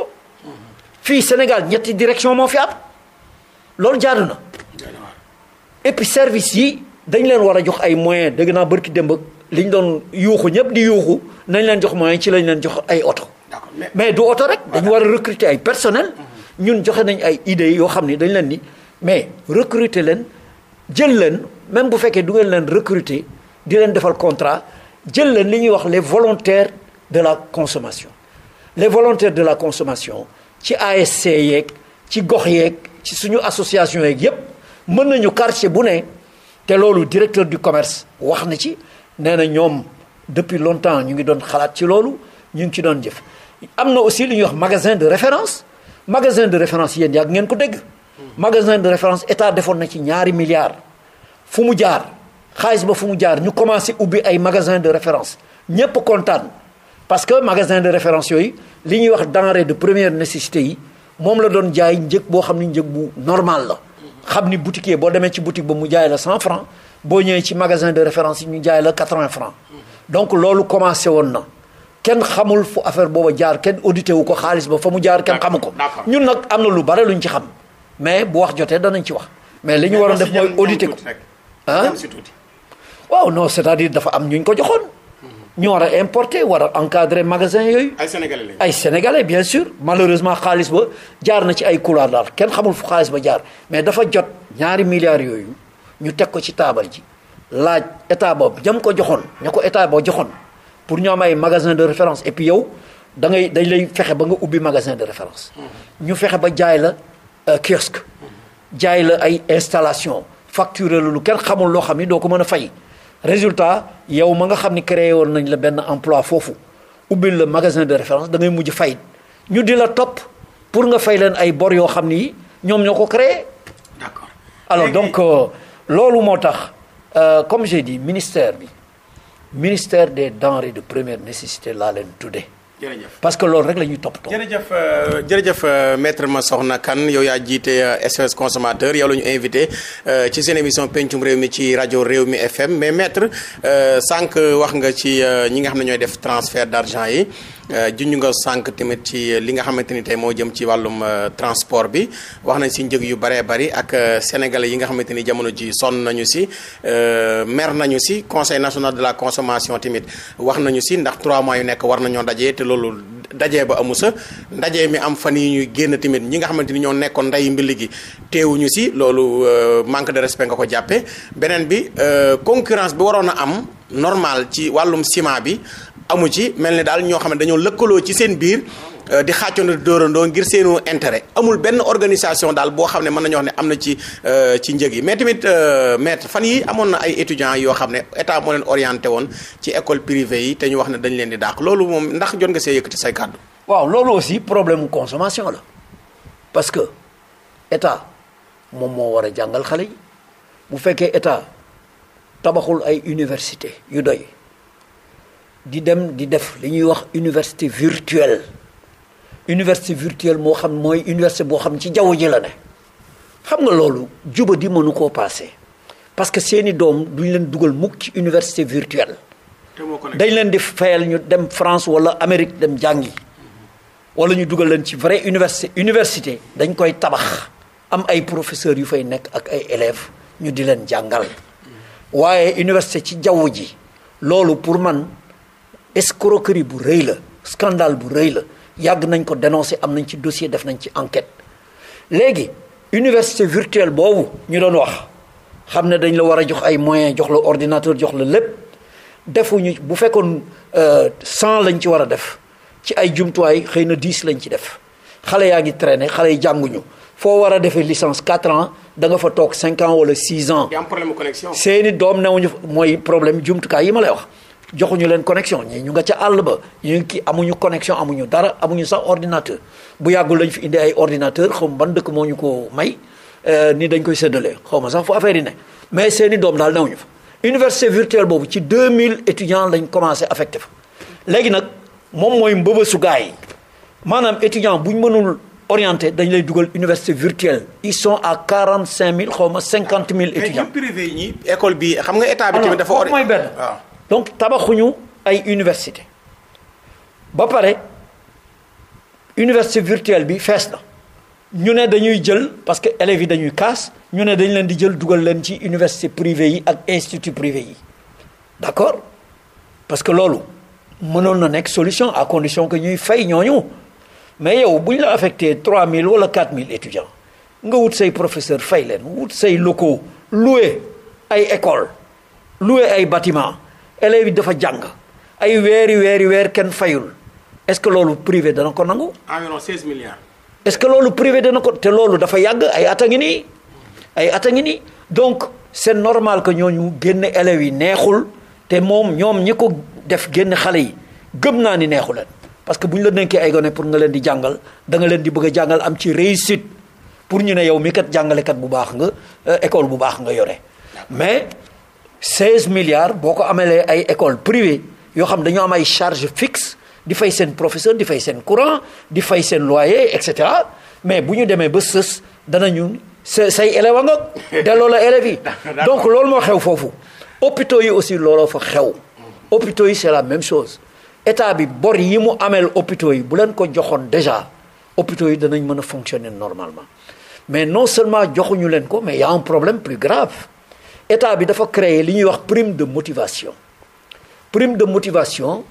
fii Sénégal ñetti direction moo fi am loolu jaadu na et puis service yi dañ leen war a jox ay moyens dégg naa barki démb li ñu doon yuuxu ñëpp di yuuxu nañ leen jox moyens ci lañ leen jox ay oto mais du oto rek dañu war a recruter ay personnel ñun joxe nañu ay idées yoo xam ni dañ leen ni mais recruter leen jël leen même bu fekkee du ngeen leen recruter di leen defal contrat jël leen li ñuy wax les volontaires de la consommation les volontaires de la consommation ci ASC yeeg ci gox yeeg ci suñu association yeeg yépp mën nañu quartier bu ne te loolu directeur du commerce wax na ci nee na ñoom depuis longtemps ñu ngi doon xalaat ci loolu ñu ngi ci doon jëf am na aussi li ñuy wax magasin de référence magasin de référence yéen yàgg ngeen ko dégg. magasin de référence état defoon na ci ñaari milliards fu mu jaar xaalis ba fu mu jaar ñu commencé ubbi ay magasin de référence ñëpp kontaan parce que magasin de référence yooyu li ñuy wax denre de première nécessité yi moom la doon jaay njëg boo xam ni njëg bu normal la. xam ni boutiquier boo demee ci boutique ba mu jaay la 100 francs boo ñëwee ci magasin de référence yi ñu jaay la 80 francs donc loolu commencé woon na. kenn xamul fu affaire booba jaar kenn audité wu ko xaalis ba fa mu jaar kenn xamu ko ñun nag am na lu bare luñ ci xam mais bu wax jotee danañ ci wax mais li ñu waroon def mooy audité ko ah waaw non c'est-à-dire dafa am ñu ñu ko joxoon ñu war a importer war a encadrer magasin yooyu. ay sénégalais ay sénégalais bien sur malheureusement xaalis ba jaar na ci ay couloir daal kenn xamul fu xaalis ba jaar mais dafa jot ñaari milliards yooyu ñu teg ko ci taabal ji laaj état boobu jam ko joxoon ña ko état ba joxoon. pour ñu am ay magasin de référence et puis yow da ngay dañ lay fexe ba nga ubbi magasin de référence. ñu fexe ba jaay la euh, kiosque. jaay la ay installation facturer lu kenn xamul loo xam ni doo ko mën a fay. résultat yow ma nga xam ni créer woon nañ la benn emploi foofu ubbil la magasin de référence da ngay mujj fay ñu di la topp pour nga fay leen ay bor yoo xam ni ñoom ñoo ko créer d'accord alors donc euh, loolu moo tax euh, comme j'ai di ministère bi. ministère des denrées de première nécessité laa leen tuddee. jërëjëf parce que loolu rek la ñuy toppatoo. jërëjëf euh, jërëjëf euh, maître Massokhna kan yow yaa jiite SOS euh, consommateur yow la ñu invité ci seen émission pencum réew mi ci rajo réew mi FM mais maître sànq wax nga ci ñi nga xam ne ñooy def transfert d' argent yi. Euh, junj nga sànq tamit ci li nga xamante ni tey moo jëm ci wàllum euh, transport bi wax nañ si njëg yu baree bari ak euh, sénégalais yi nga xamante ni jamono ji sonn nañu si mer nañu si conseil national de la consommation tamit wax nañu si ndax trois mois yu nekk war nañoo daje te loolu daje ba amu sa ndaje mi am fan yi ñuy génn tamit ñi nga xamante ni ñoo nekkoon nday mbili gi teewuñu si loolu manque de respect nga ko jàppe beneen bi concurrence bi waroon a am normal ci wàllum ciment bi amu ci mel ni daal ñoo xam ne dañoo lëkkaloo ci seen biir euh, di xàccandoo dóorandoo ngir seenu intérêt amul benn organisation daal boo xam ne mën nañu wax ne am na ci euh, ci njëg yi mais tamit euh, maître fan yi amoon na ay étudiants yoo xam ne état moo leen orienté woon ci école privée yi te ñu wax ne dañ leen di dàq loolu moom ndax jot nga see yëkkati say kàddu. waaw loolu aussi problème consommation la parce que état moom moo war a jàngal xale yi bu fekkee état tabaxul ay université yu doy. di dem di def li ñuy wax université virtuelle université virtuelle moo xam mooy université boo xam ci jaww ji la ne xam nga loolu juba di mënu koo paase parce que seeni doom duñ leen dugal mukk ci université virtuelle dañ leen di fayal ñu dem France wala Amérique dem jàngi wala ñu dugal leen ci vraie université université dañ koy tabax am ay professeurs yu fay nekk ak ay élève ñu di leen jàngal waaye université ci jaww ji loolu pour man escroquerie bu rëy la scandale bu rëy la yàgg nañ ko dénoncé am nañ ci dossier def nañ ci enquête léegi université virtuelle boobu ñu doon wax xam ne dañ la war a jox ay moyens jox la ordinateur jox la lépp defuñu bu fekkoon euh, cent lañ ci war a def ci ay jumtuwaay xëy na dix lañ ci def xale yaa ngi traîner xale yi jànguñu foo war a defee licence 4 ans da nga fa toog 5 ans wala 6 ans. y a un problème connexion. doom newuñu mooy problème jumtukaay yi ma lay wax. joxuñu leen connexion ñii ñu nga ca àll ba ñu ki amuñu connexion amuñu dara amuñu sax ordinateur bu yàggul lañ fi indi ay ordinateur xaw ma ban dëkk moo ñu ko may euh, ni dañ koy séddalee xaw ma sax fu affaire yi ne mais seeni doom daal newuñu fa université virtuelle boobu ci deux mille étudiants lañ commencé affecté fa léegi nag moom mooy mbëbësu gars yi maanaam étudiant bu ñu mënul orienté dañu lay dugal université virtuelle ils sont à 45 000 xaw ma 50 000 étudiants. mais ñu privé école bi xam nga état bi tamit dafa. donc tabaxuñu ay université ba pare université virtuelle bi fees na ñu ne dañuy jël parce que élèves yi dañuy kaas ñu ne dañ leen di jël dugal leen ci université privée yi ak institut privé yi d'accord parce que loolu mënoon na nekk solution à condition que ñuy fay ñooñu mais yow bu ñu la trois 3000 wala 4000 étudiants nga wut say professeur fay leen wut say locaux louer ay école louer ay bâtiment élèves yi dafa jàng ay weeri weeri weer kenn fayul est-ce que loolu privé dana ko nangu. environ 16 milliards. est-ce que loolu privé dana ko te loolu dafa yàgg ay atangi nii ay at nii donc c'est normal que ñooñu génn élèves yi neexul te moom ñoom ñi ko def génn xale yi gëm naa ni neexu leen parce que bu ñu la nekkee ay gone pour nga leen di jàngal danga leen di bëgg a jàngal am ci réussite pour ñu ne yow mi kat jàngalekat bu baax nga euh, école bu baax nga yore seize milliards boo ko amalee ay école privée yoo xam dañoo am ay charge fixe di fay seen professeur di fay seen courant di fay seen loyer et cetera mais bu ñu demee ba sës dana say say élèves a ngoog delloo la élèves yi donc loolu moo xew foofu hopito yi aussi looloo fa xew hôpitaux yi c'est la même chose état bi bor yi mu ameel hôpitaux yi bu leen ko joxoon déjà hôpitaux yi danañ mën a fonctionner normalement mais non seulement joxuñu leen ko mais y un problème plus grave état bi dafa créer li ñuy wax prime de motivation prime de motivation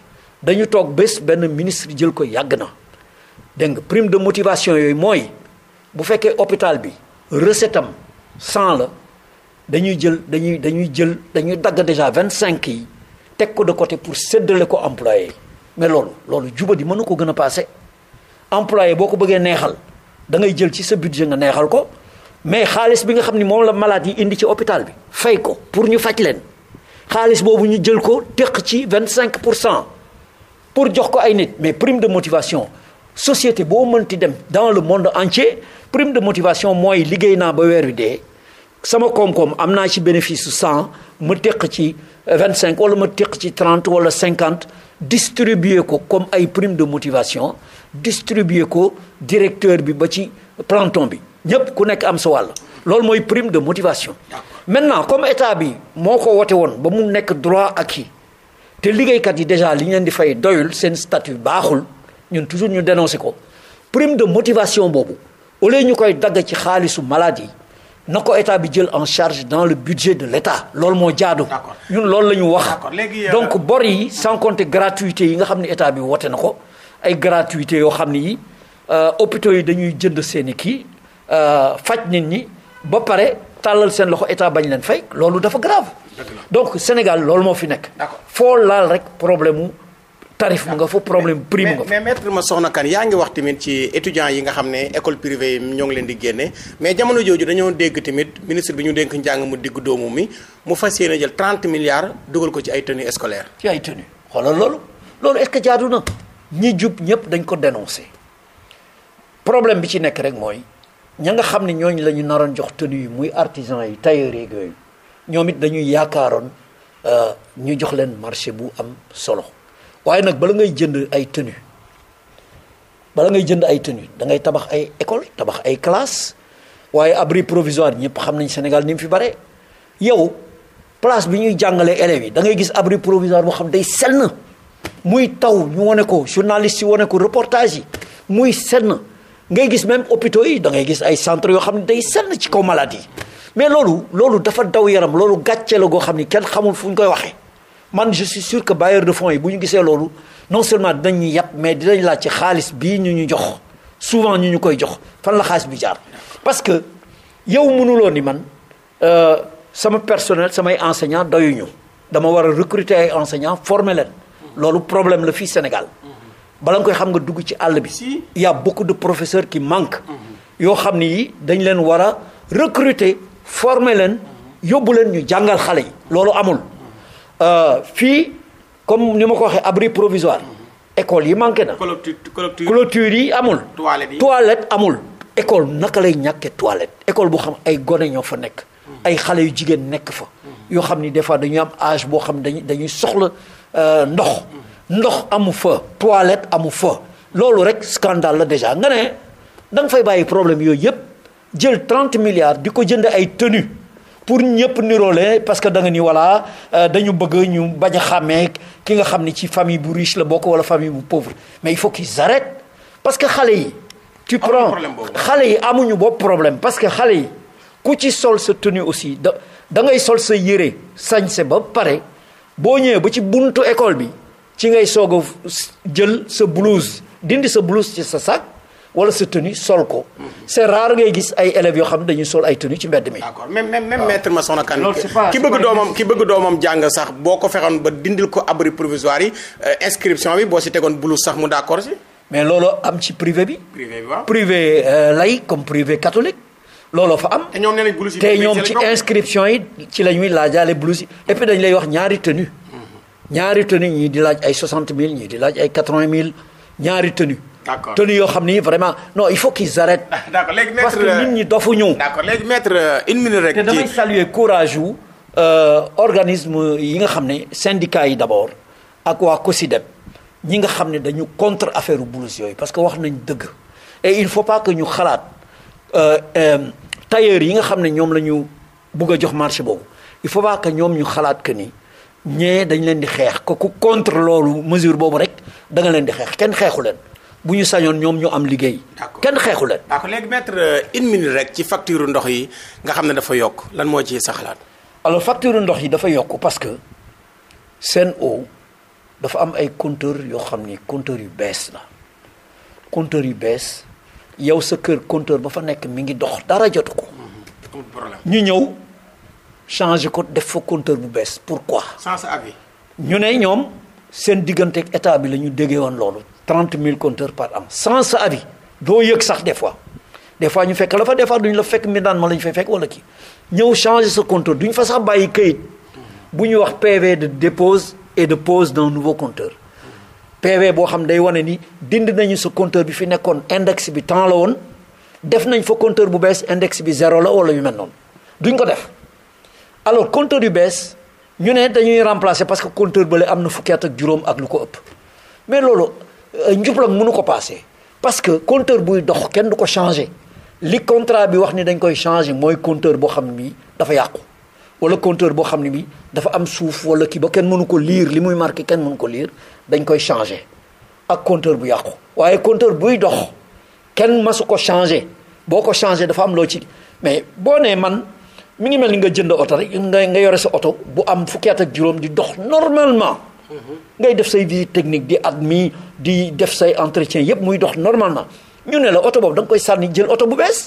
dañu toog bés benn ministre jël ko yàgg na dégg nga prime de motivation yooyu mooy bu fekkee hôpital bi recette am la dañuy jël dañuy dañuy jël dañuy dagg déjà 25 yi teg ko de côté pour séddale ko employé yi mais loolu loolu juba di mënu ko gën a passé employé boo ko bëggee neexal da ngay jël ci sa budget nga neexal ko mais xaalis bi nga xam ni moom la maladie indi ci hôpital bi fay ko pour ñu faj leen xaalis boobu ñu jël ko teq ci vingt cinq pour cent pour jox ko ay nit mais prime de motivation société boo mënti dem dans le monde entier prime de motivation mooy liggéey naa ba weer wi dee sama koom-koom am naa ci bénéfice su cent ma teq ci vingt cinq wala ma teq ci trente wala cinquante distribuer ko comme ay prime de motivation distribuer ko directeur bi ba ci planton bi ñëpp ku nekk am sa wàll loolu mooy prime de motivation maintenant comme état bi moo ko wote woon ba mu nekk droit ak kii te liggéeykat yi déjà li ñu leen di fay doyul seen statut baaxul ñun toujours ñu dénoncé ko prime de motivation boobu au ñu koy dagg ci xaalisu maladie na ko état bi jël en charge dans le budget de létat état loolu moo jaadu. ñun loolu la ñu wax. Euh, donc bor yi sans compter gratuité yi nga xam ne état bi wote na ko ay gratuité yoo xam ne yi euh, hôpitaux yi dañuy jënd seen i kii. Euh, faj nit ñi ba pare tàllal seen loxo état bañ leen fay loolu dafa grave. donc Sénégal loolu moo fi nekk. foo laal rek problème mu tarif mu nga fa problème prix mu nga ma soxna maître yaa ngi wax tamit ci étudiants yi nga xam ne école privée yi ñoo ngi leen di génne mais jamono jooju dañoo dégg tamit ministre bi ñu dénk njàng mu digg doomu mi mu fas yéene jël trente milliards dugal ko ci ay tenues scolaires. ci ay tenues xoolal loolu loolu est-ce que jaadu na jub ñëpp dañ ko dénoncé problème bi ci nekk rek mooy. ña nga xam ne ñooñu la ñu naroon jox tenue yi muy artisan yi tailleur yeeg yooyu ñoom it dañuy yaakaaroon euh, ñu jox leen marché bu am solo waaye nag bala ngay jënd ay tenue bala ngay jënd ay tenue da ngay tabax ay école tabax ay classe waaye abri provisoire ñëpp xam nañ Sénégal ni fi bare yow place bi ñuy jàngalee élèves yi da ngay gis abri provisoire boo xam ne day senn muy taw ñu wane ko journaliste yi wane ko reportage yi muy senn ngay gis même hôpitaux yi dangay gis ay centre yoo xam ne day senn ci kaw maladie mais loolu loolu dafa daw yaram loolu gàcce la goo xam ni kenn xamul fu ñu koy waxee man je suis sûr que bailleurs de fonds yi bu ñu gisee loolu non seulement dinañ ñu yàpp mais dinañ laaj ci xaalis bii ñu ñu jox souvent ñu ñu koy jox fan la xaalis bi jaar parce que yow mënuloo ni man euh, sama personnel samay enseignants doyuñu dama war a recruter ay enseignants former leen loolu problème la fii Sénégal bala nga koy xam nga dugg ci àll bi. si y' a beaucoup de professeurs qui manquent. yoo xam ni yi dañ leen war a recruter former leen yóbbu leen ñu jàngal xale yi loolu amul euh, fii comme ni ma ko waxee abri provisoire école yi manqué na. clôture yi amul. toilette amul. école naka lay ñàkkee toilette école boo xam ay gone ñoo fa nekk. ay xale yu jigéen nekk fa. yoo xam ni des fois dañuy am âge boo xam dañuy dañuy soxla euh, ndox. ndox amu fa toilette amu fa loolu rek scandale la déjà nga ne da nga fay bàyyi problème yooyu yëpp jël trente milliards di ko jënd ay tenues pour ñëpp niroole parce que da nga ni voilà euh, dañu bëgg ñu bañ a xàmmee ki nga xam ne ci famille bu riche la bokk wala famille bu pauvre mais il faut qu'ils arrêtent parce que xale yi tu prends xale yi amuñu bopp problème parce que xale yi ku ci sol sa tenue aussi da dangay sol sa yére sañ sañse ba pare boo ñëwee ba ci buntu école bi ci ngay soog a jël sa blouse dindi sa blouse ci sa sac wala sa tenue sol ko. c'est rare ngay gis ay élèves yoo xam dañuy sol ay tenues ci mbedd mi. d'accord même même même maître ma soxna kan ki bëgg doomam ki jàng sax boo ko fexoon ba dindil ko abri provisoire yi euh, inscription bi boo si tegoon blouse sax mu d'accord si. mais looloo am ci privé bi. privé bi waaw privé euh, lay comme privé catholique. looloo fa am. te ñoom ci inscription yi ci la ñuy laajaale blouse yi et puis lay wax ñaari tenues. ñaari tenue ñii di laaj ay 60 000 ñii di laaj ay 80 000 ñaari tenue d'accord yoo xam ni vraiment noo il faut qu'ils arrêtent. Ah, d'accord léegi maître parce que nit ñi dofuñu. d'accord léegi maître euh, une minute rek. te damay saluer courage wu euh, organisme yi nga xam ne syndicats yi d'abord ak waa COSYDEP ñi nga xam ne dañu contre affaire blouse yooyu parce que wax nañu dëgg et il faut pas que ñu xalaat euh, tailleurs yi nga xam ne ñoom la ñu bugg jox marché boobu il faut pas que ñoom ñu xalaat que ni. ñee dañ leen di xeex ko ku contre loolu mesure boobu rek da nga leen di xeex kenn xeexu leen bu ñu sañoon ñoom ñu am liggéey. kenn xeexu leen. d'accord léegi maître euh, une minute rek ci facture ndox yi nga xam ne dafa yokk lan moo ci sa xalaat. alors facture ndox yi dafa yokk parce que Sen'Eau dafa am ay compteur yoo xam ni compteur yu bees la compteur yu bees yow sa kër compteur ba fa nekk mi ngi dox dara jotu ko. amul ñu ñëw. changé ko def fa compteur bu bees pourquoi. sans sa avis. ñu ne ñoom seen diggante état bi la ñu déggee woon loolu trente mille compteurs par an sans sa avis doo yëg sax des fois des fois ñu fekk la fa des fois la fekk mi daan ma la ñu fekk wala kii ñëw changé sa compteur duñu fa sax bàyyi kayit bu ñuy wax PV de dépose et de pose d'un nouveau compteur PV boo xam day wane nii dindi nañu sa compteur bi fi nekkoon index bi temps la woon def nañ fa bu bees index bi zéro la wala yu mel noonu duñ ko def. alors compteur yu bees ñu ne dañuy remplacer parce que compteur bële am na fukki at ak juróom ak lu ko ëpp mais loolu euh, njublag mënu ko passé parce que compteur buy dox kenn du ko changé li contrat bi wax ni dañ koy changé mooy compteur boo xam ne bii dafa yàqu wala compteur boo xam ne bii dafa am suuf wala kii ba kenn mënu ko liir li muy marqué kenn mënu ko liir dañ koy changé ak compteur bu yàqu waaye compteur buy dox kenn masu ko changé boo ko changé dafa am loo ci mais boo nee man mi ngi mel ni nga jënd oto rek nga nga yore sa oto bu am fukki ak juróom di dox normalement. ngay def say visite technique di admis di def say entretien yépp muy dox normalement ñu ne la oto boobu danga koy sànni jël oto bu bees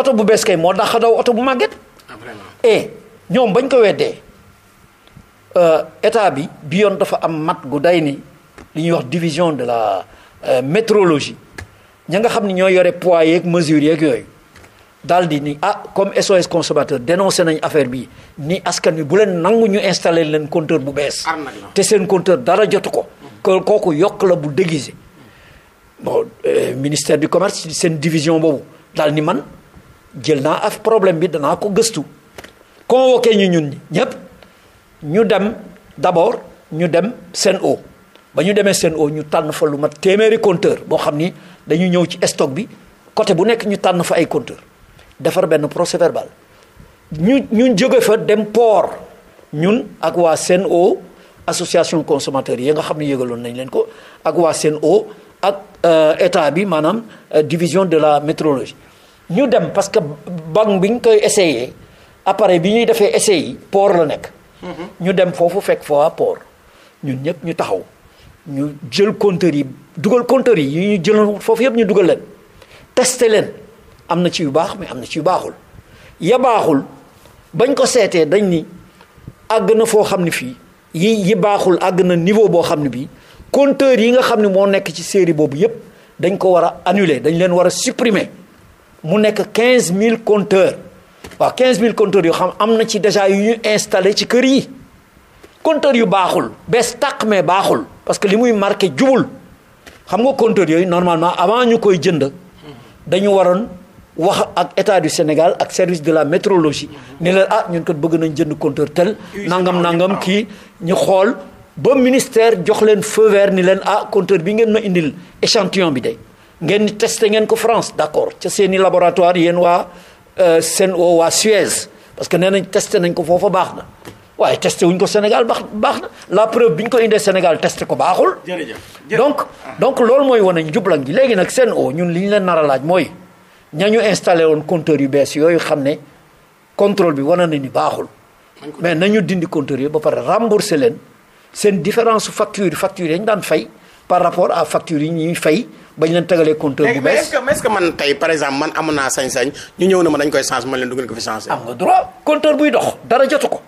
oto bu bees kay moo dàq daw oto bu màgget. Ah, et e ñoom bañ ko weddee euh, état bi bi yoon dafa am mat gu day ni li ñuy wax division de la euh, métrologie ña nga xam ni ñoo yore poids yeeg mesures yeeg yooyu. daal di ni ah comme SOS consommateur dénoncé nañ affaire bi ni askan wi bu leen nangu ñu installé leen conteur bu bees. te seen compteur dara jotu ko. que kooku yokk la bu déguisé. bon euh, ministère du commerce seen division boobu daal ni man jël naa af problème bi danaa ko gëstu. convoqué ñu ñun ñëpp ñu dem d'abord ñu dem Sen'Eau ba ñu demee seen Sen'Eau ñu tànn fa lu mat téeméeri conteur boo xam ni dañu ñëw ci stock bi côté bu nekk ñu tànn fa ay compteur defar benn procès verbal ñu ñu jóge fa dem poor ñun ak waa seen o association consommateurs yi nga xam ne yëgaloon nañ leen ko ak waa seen Sen'Eau ak euh, état bi maanaam euh, division de la métrologie ñu dem parce que banque bi ñu koy essayé appareil bi ñuy defee essai yi port la nekk. Mm-hmm. ñu dem foofu fekk fa waa port ñun ñëpp ñu taxaw ñu jël compteur yi dugal compteur yi ñu jëloon foofu yëpp ñu dugal leen teste leen. am na ci yu baax mais am na ci yu baaxul ya baaxul bañ ko seetee dañ ni àgg na foo xam ne fii yi yi baaxul àgg na niveau boo xam ne bi compteur yi nga xam ne moo nekk ci série boobu yëpp dañ ko war a dañ leen war a supprimer mu nekk quinze mille conteur waaw quinze mille compteurs yoo xam am na ci déjà yu ñu installé ci kër yi compteurs yu baaxul bees tàq mais baaxul parce que li muy marqué jubul xam nga compteurs yooyu normalement avant ñu koy jënd dañu waroon wax ak état du Sénégal ak service de la météorologie ni leen ah ñun kat bëgg nañ jënd compteur tel nangam nangam kii ñu xool ba ministère jox leen feu ni leen ah compteur bi ngeen ma indil échantillon bi de ngeen ni testé ngeen ko France d'accord ca seen i laboratoire yéen waa euh, seen o waa Suez parce que nee nañ testé nañ ko foofa baax na waaye testé wuñ ko Sénégal baax baax na la preuve bi ñu ko indee Sénégal testé ko baaxul donc donc loolu mooy wane njublan gi léegi nag seen ñun li ñu leen nar a laaj mooy ñañu installé woon compteur yu bees yooyu xam ne contrôle bi wane na ni baaxul mais nañu dindi compteur yooyu ba pare remboursé leen seen différence facture facture yañ daan fay par rapport à facture yi ñu fay bañ leen tegalee compteur bu bees mais est-ce man tey par exemple man amoon naa sañ-sañ ñu ñëw na ma dañ koy changé man leen du ko fi ko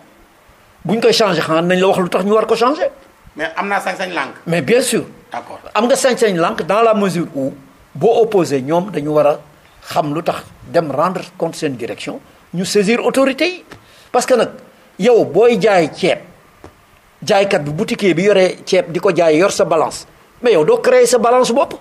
buñ koy changé nañ wax lu tax ñu war ko changé mais am naa sañ-sañ lànk mais bien sûr am nga sañ-sañ lànk dans la mesure où boo opposé ñoom dañu war a xam lu tax dem rendre compte seen direction ñu saisir autorité parce que nag yow booy jaay ceeb jaaykat bi boutiquier bi yoree ceeb di ko jaay yor sa balance mais yow doo créer sa balance bopp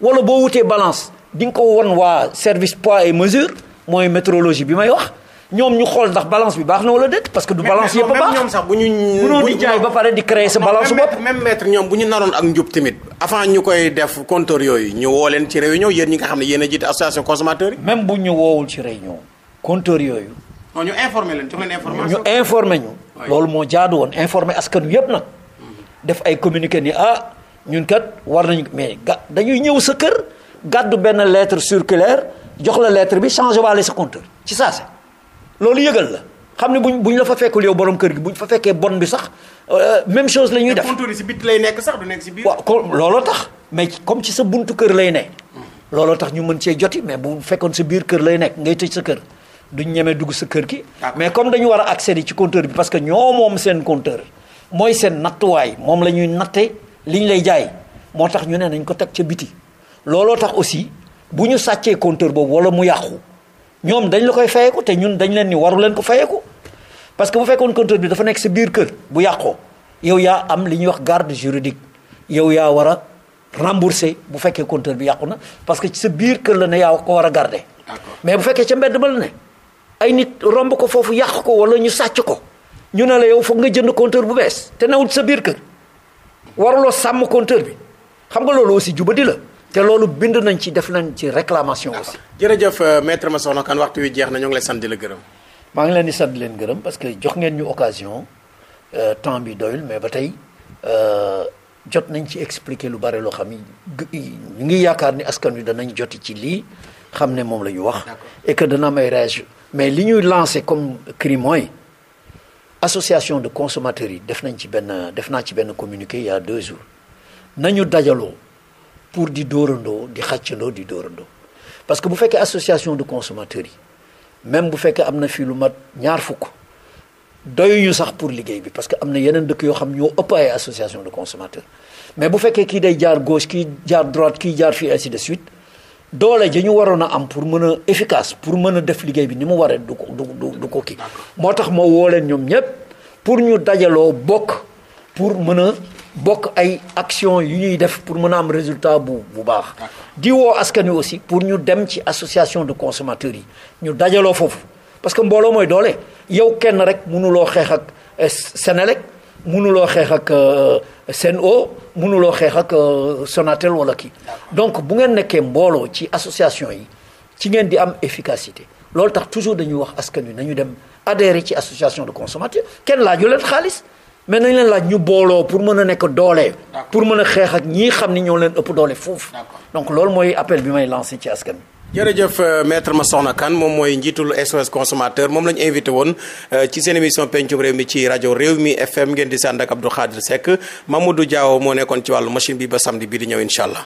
wala boo wutee balance di ko won waa service poids et mesure mooy métrologie bi may wax ñoom ñu xool ndax balance bi baax na wala déet parce que du balance yëpp a baax ñoom sax bu ñu bu pare di créer sa balance su bopp ñoom bu ñu naroon ak njub tamit avant ñu koy def compteur yooyu ñu woo leen ci réunion yéen ñi xam ne yéen a jiite association consommateur yi même bu ñu woowul ci réunion compteur yooyu ñu informé leen jox leen information ñu informé ñu loolu moo jaadu woon informé askan yëpp nag mhm. def ay communiqué ni ah ñun kat war nañu mais ga dañuy ñëw sa kër gàddu benn lettre circulaire jox la lettre bi changé waale sa compteur ci saase loolu yëgal la xam ne buñ buñ la fa fekkul yow borom kër gi buñ fa fekkee bon bi sax euh, même chose la ñuy def contour bit lay nekk sax du nekk si biir. waaw kon looloo tax mais comme ci sa buntu kër lay ne. looloo tax ñu mën cee joti mais bu fekkoon sa biir kër lay nekk ngay tëj sa kër du ñemee dugg sa kër gi. mais comme dañu war a accéder ci compteur bi parce que ñoo moom seen compteur mooy seen nattuwaay moom la ñuy li liñ lay jaay moo tax ñu ne nañ ko teg ca biti. looloo tax aussi bu ñu sàccee compteur boobu wala mu yàqu. ñoom dañ la koy fayeku te ñun dañ leen ni waru leen ko fayeku parce que bu fekkoon compteur bi dafa nekk sa biir kër bu yàqoo yow yaa am li ñuy wax garde juridique yow yaa war a rembourser bu fekkee compteur bi yàqu na parce que ci sa biir kër la ne yaa ko war a mais bu fekkee ca mbedd ma la ne ay nit romb ko foofu yàq ko wala ñu sàcc ko ñu ne la yow foog nga jënd compteur bu bees te newul sa biir kër waruloo sàmm compteur bi xam nga loolu aussi jubadi la te loolu bind nañ ci def nañ ci réclamation aussi. jërëjëf euh, ma Massokhna Kane waxtu wi jeex na ñoo ngi lay sant la gërëm. maa ngi leen di sant leen gërëm parce que jox ngeen ñu occasion euh, temps bi doyul mais ba tey euh, jot nañ ci expliquer lu bare loo xam ni ñu ngi yaakaar ni askan wi danañ joti ci lii xam ne moom la ñu wax. et que dana may réagir mais li ñuy lancer comme cri yi association de consommateurs yi def nañ ci benn def naa ci benn communiqué il y a deux jours nañu dajaloo. pour di dóorandoo di xàccandoo di dóorandoo parce que bu fekkee association de consommateurs yi même bu fekkee am na fii lu mat ñaar fukk doyuñu sax pour liggéey bi parce que am na yeneen dëkk yoo xam ñoo ëpp ay association de consommateurs mais bu fekkee kii day jaar gauche kii jaar droite kii jaar fii ainsi de suite doole ji ñu waroon a am pour mën a efficace pour mën a def liggéey bi ni mu waree du ko du du ko kii moo tax ma woo leen ñoom ñëpp pour ñu dajaloo bokk pour mën a bokk ay action yu ñuy def pour mën a am résultat bu bu baax diwoo woo askan wi aussi pour ñu dem ci association de consommateurs yi ñu dajaloo foofu parce que mbooloo mooy doole yow kenn rek mënuloo xeex ak eh, Senelec mënuloo xeex ak eh, Sen'Eau mënuloo xeex ak eh, Sonatel wala kii donc bu ngeen nekkee mbooloo ci association yi ci ngeen di am efficacité loolu tax toujours dañuy wax askan wi nañu dem adhérer ci association de consommateurs kenn laaju leen xaalis mais nañ leen laaj ñu booloo pour mën a nekk doole. pour mën a xeex ak ñii xam ni ñoo leen ëpp doole foofu. donc lool mooy appel bi may lancé ci askan bi jërëjëf euh, ma soxna Kane moom mooy njiitul SOS consommateur moom lañu ñu invité woon euh, ci seen émission pencum réew mi ci rajo réew mi FM ngeen di sànd ak Abdou Khadre ma Mamadou Diaw moo nekkoon ci wàllu machine bi ba samedi bii di ñëw incha allah.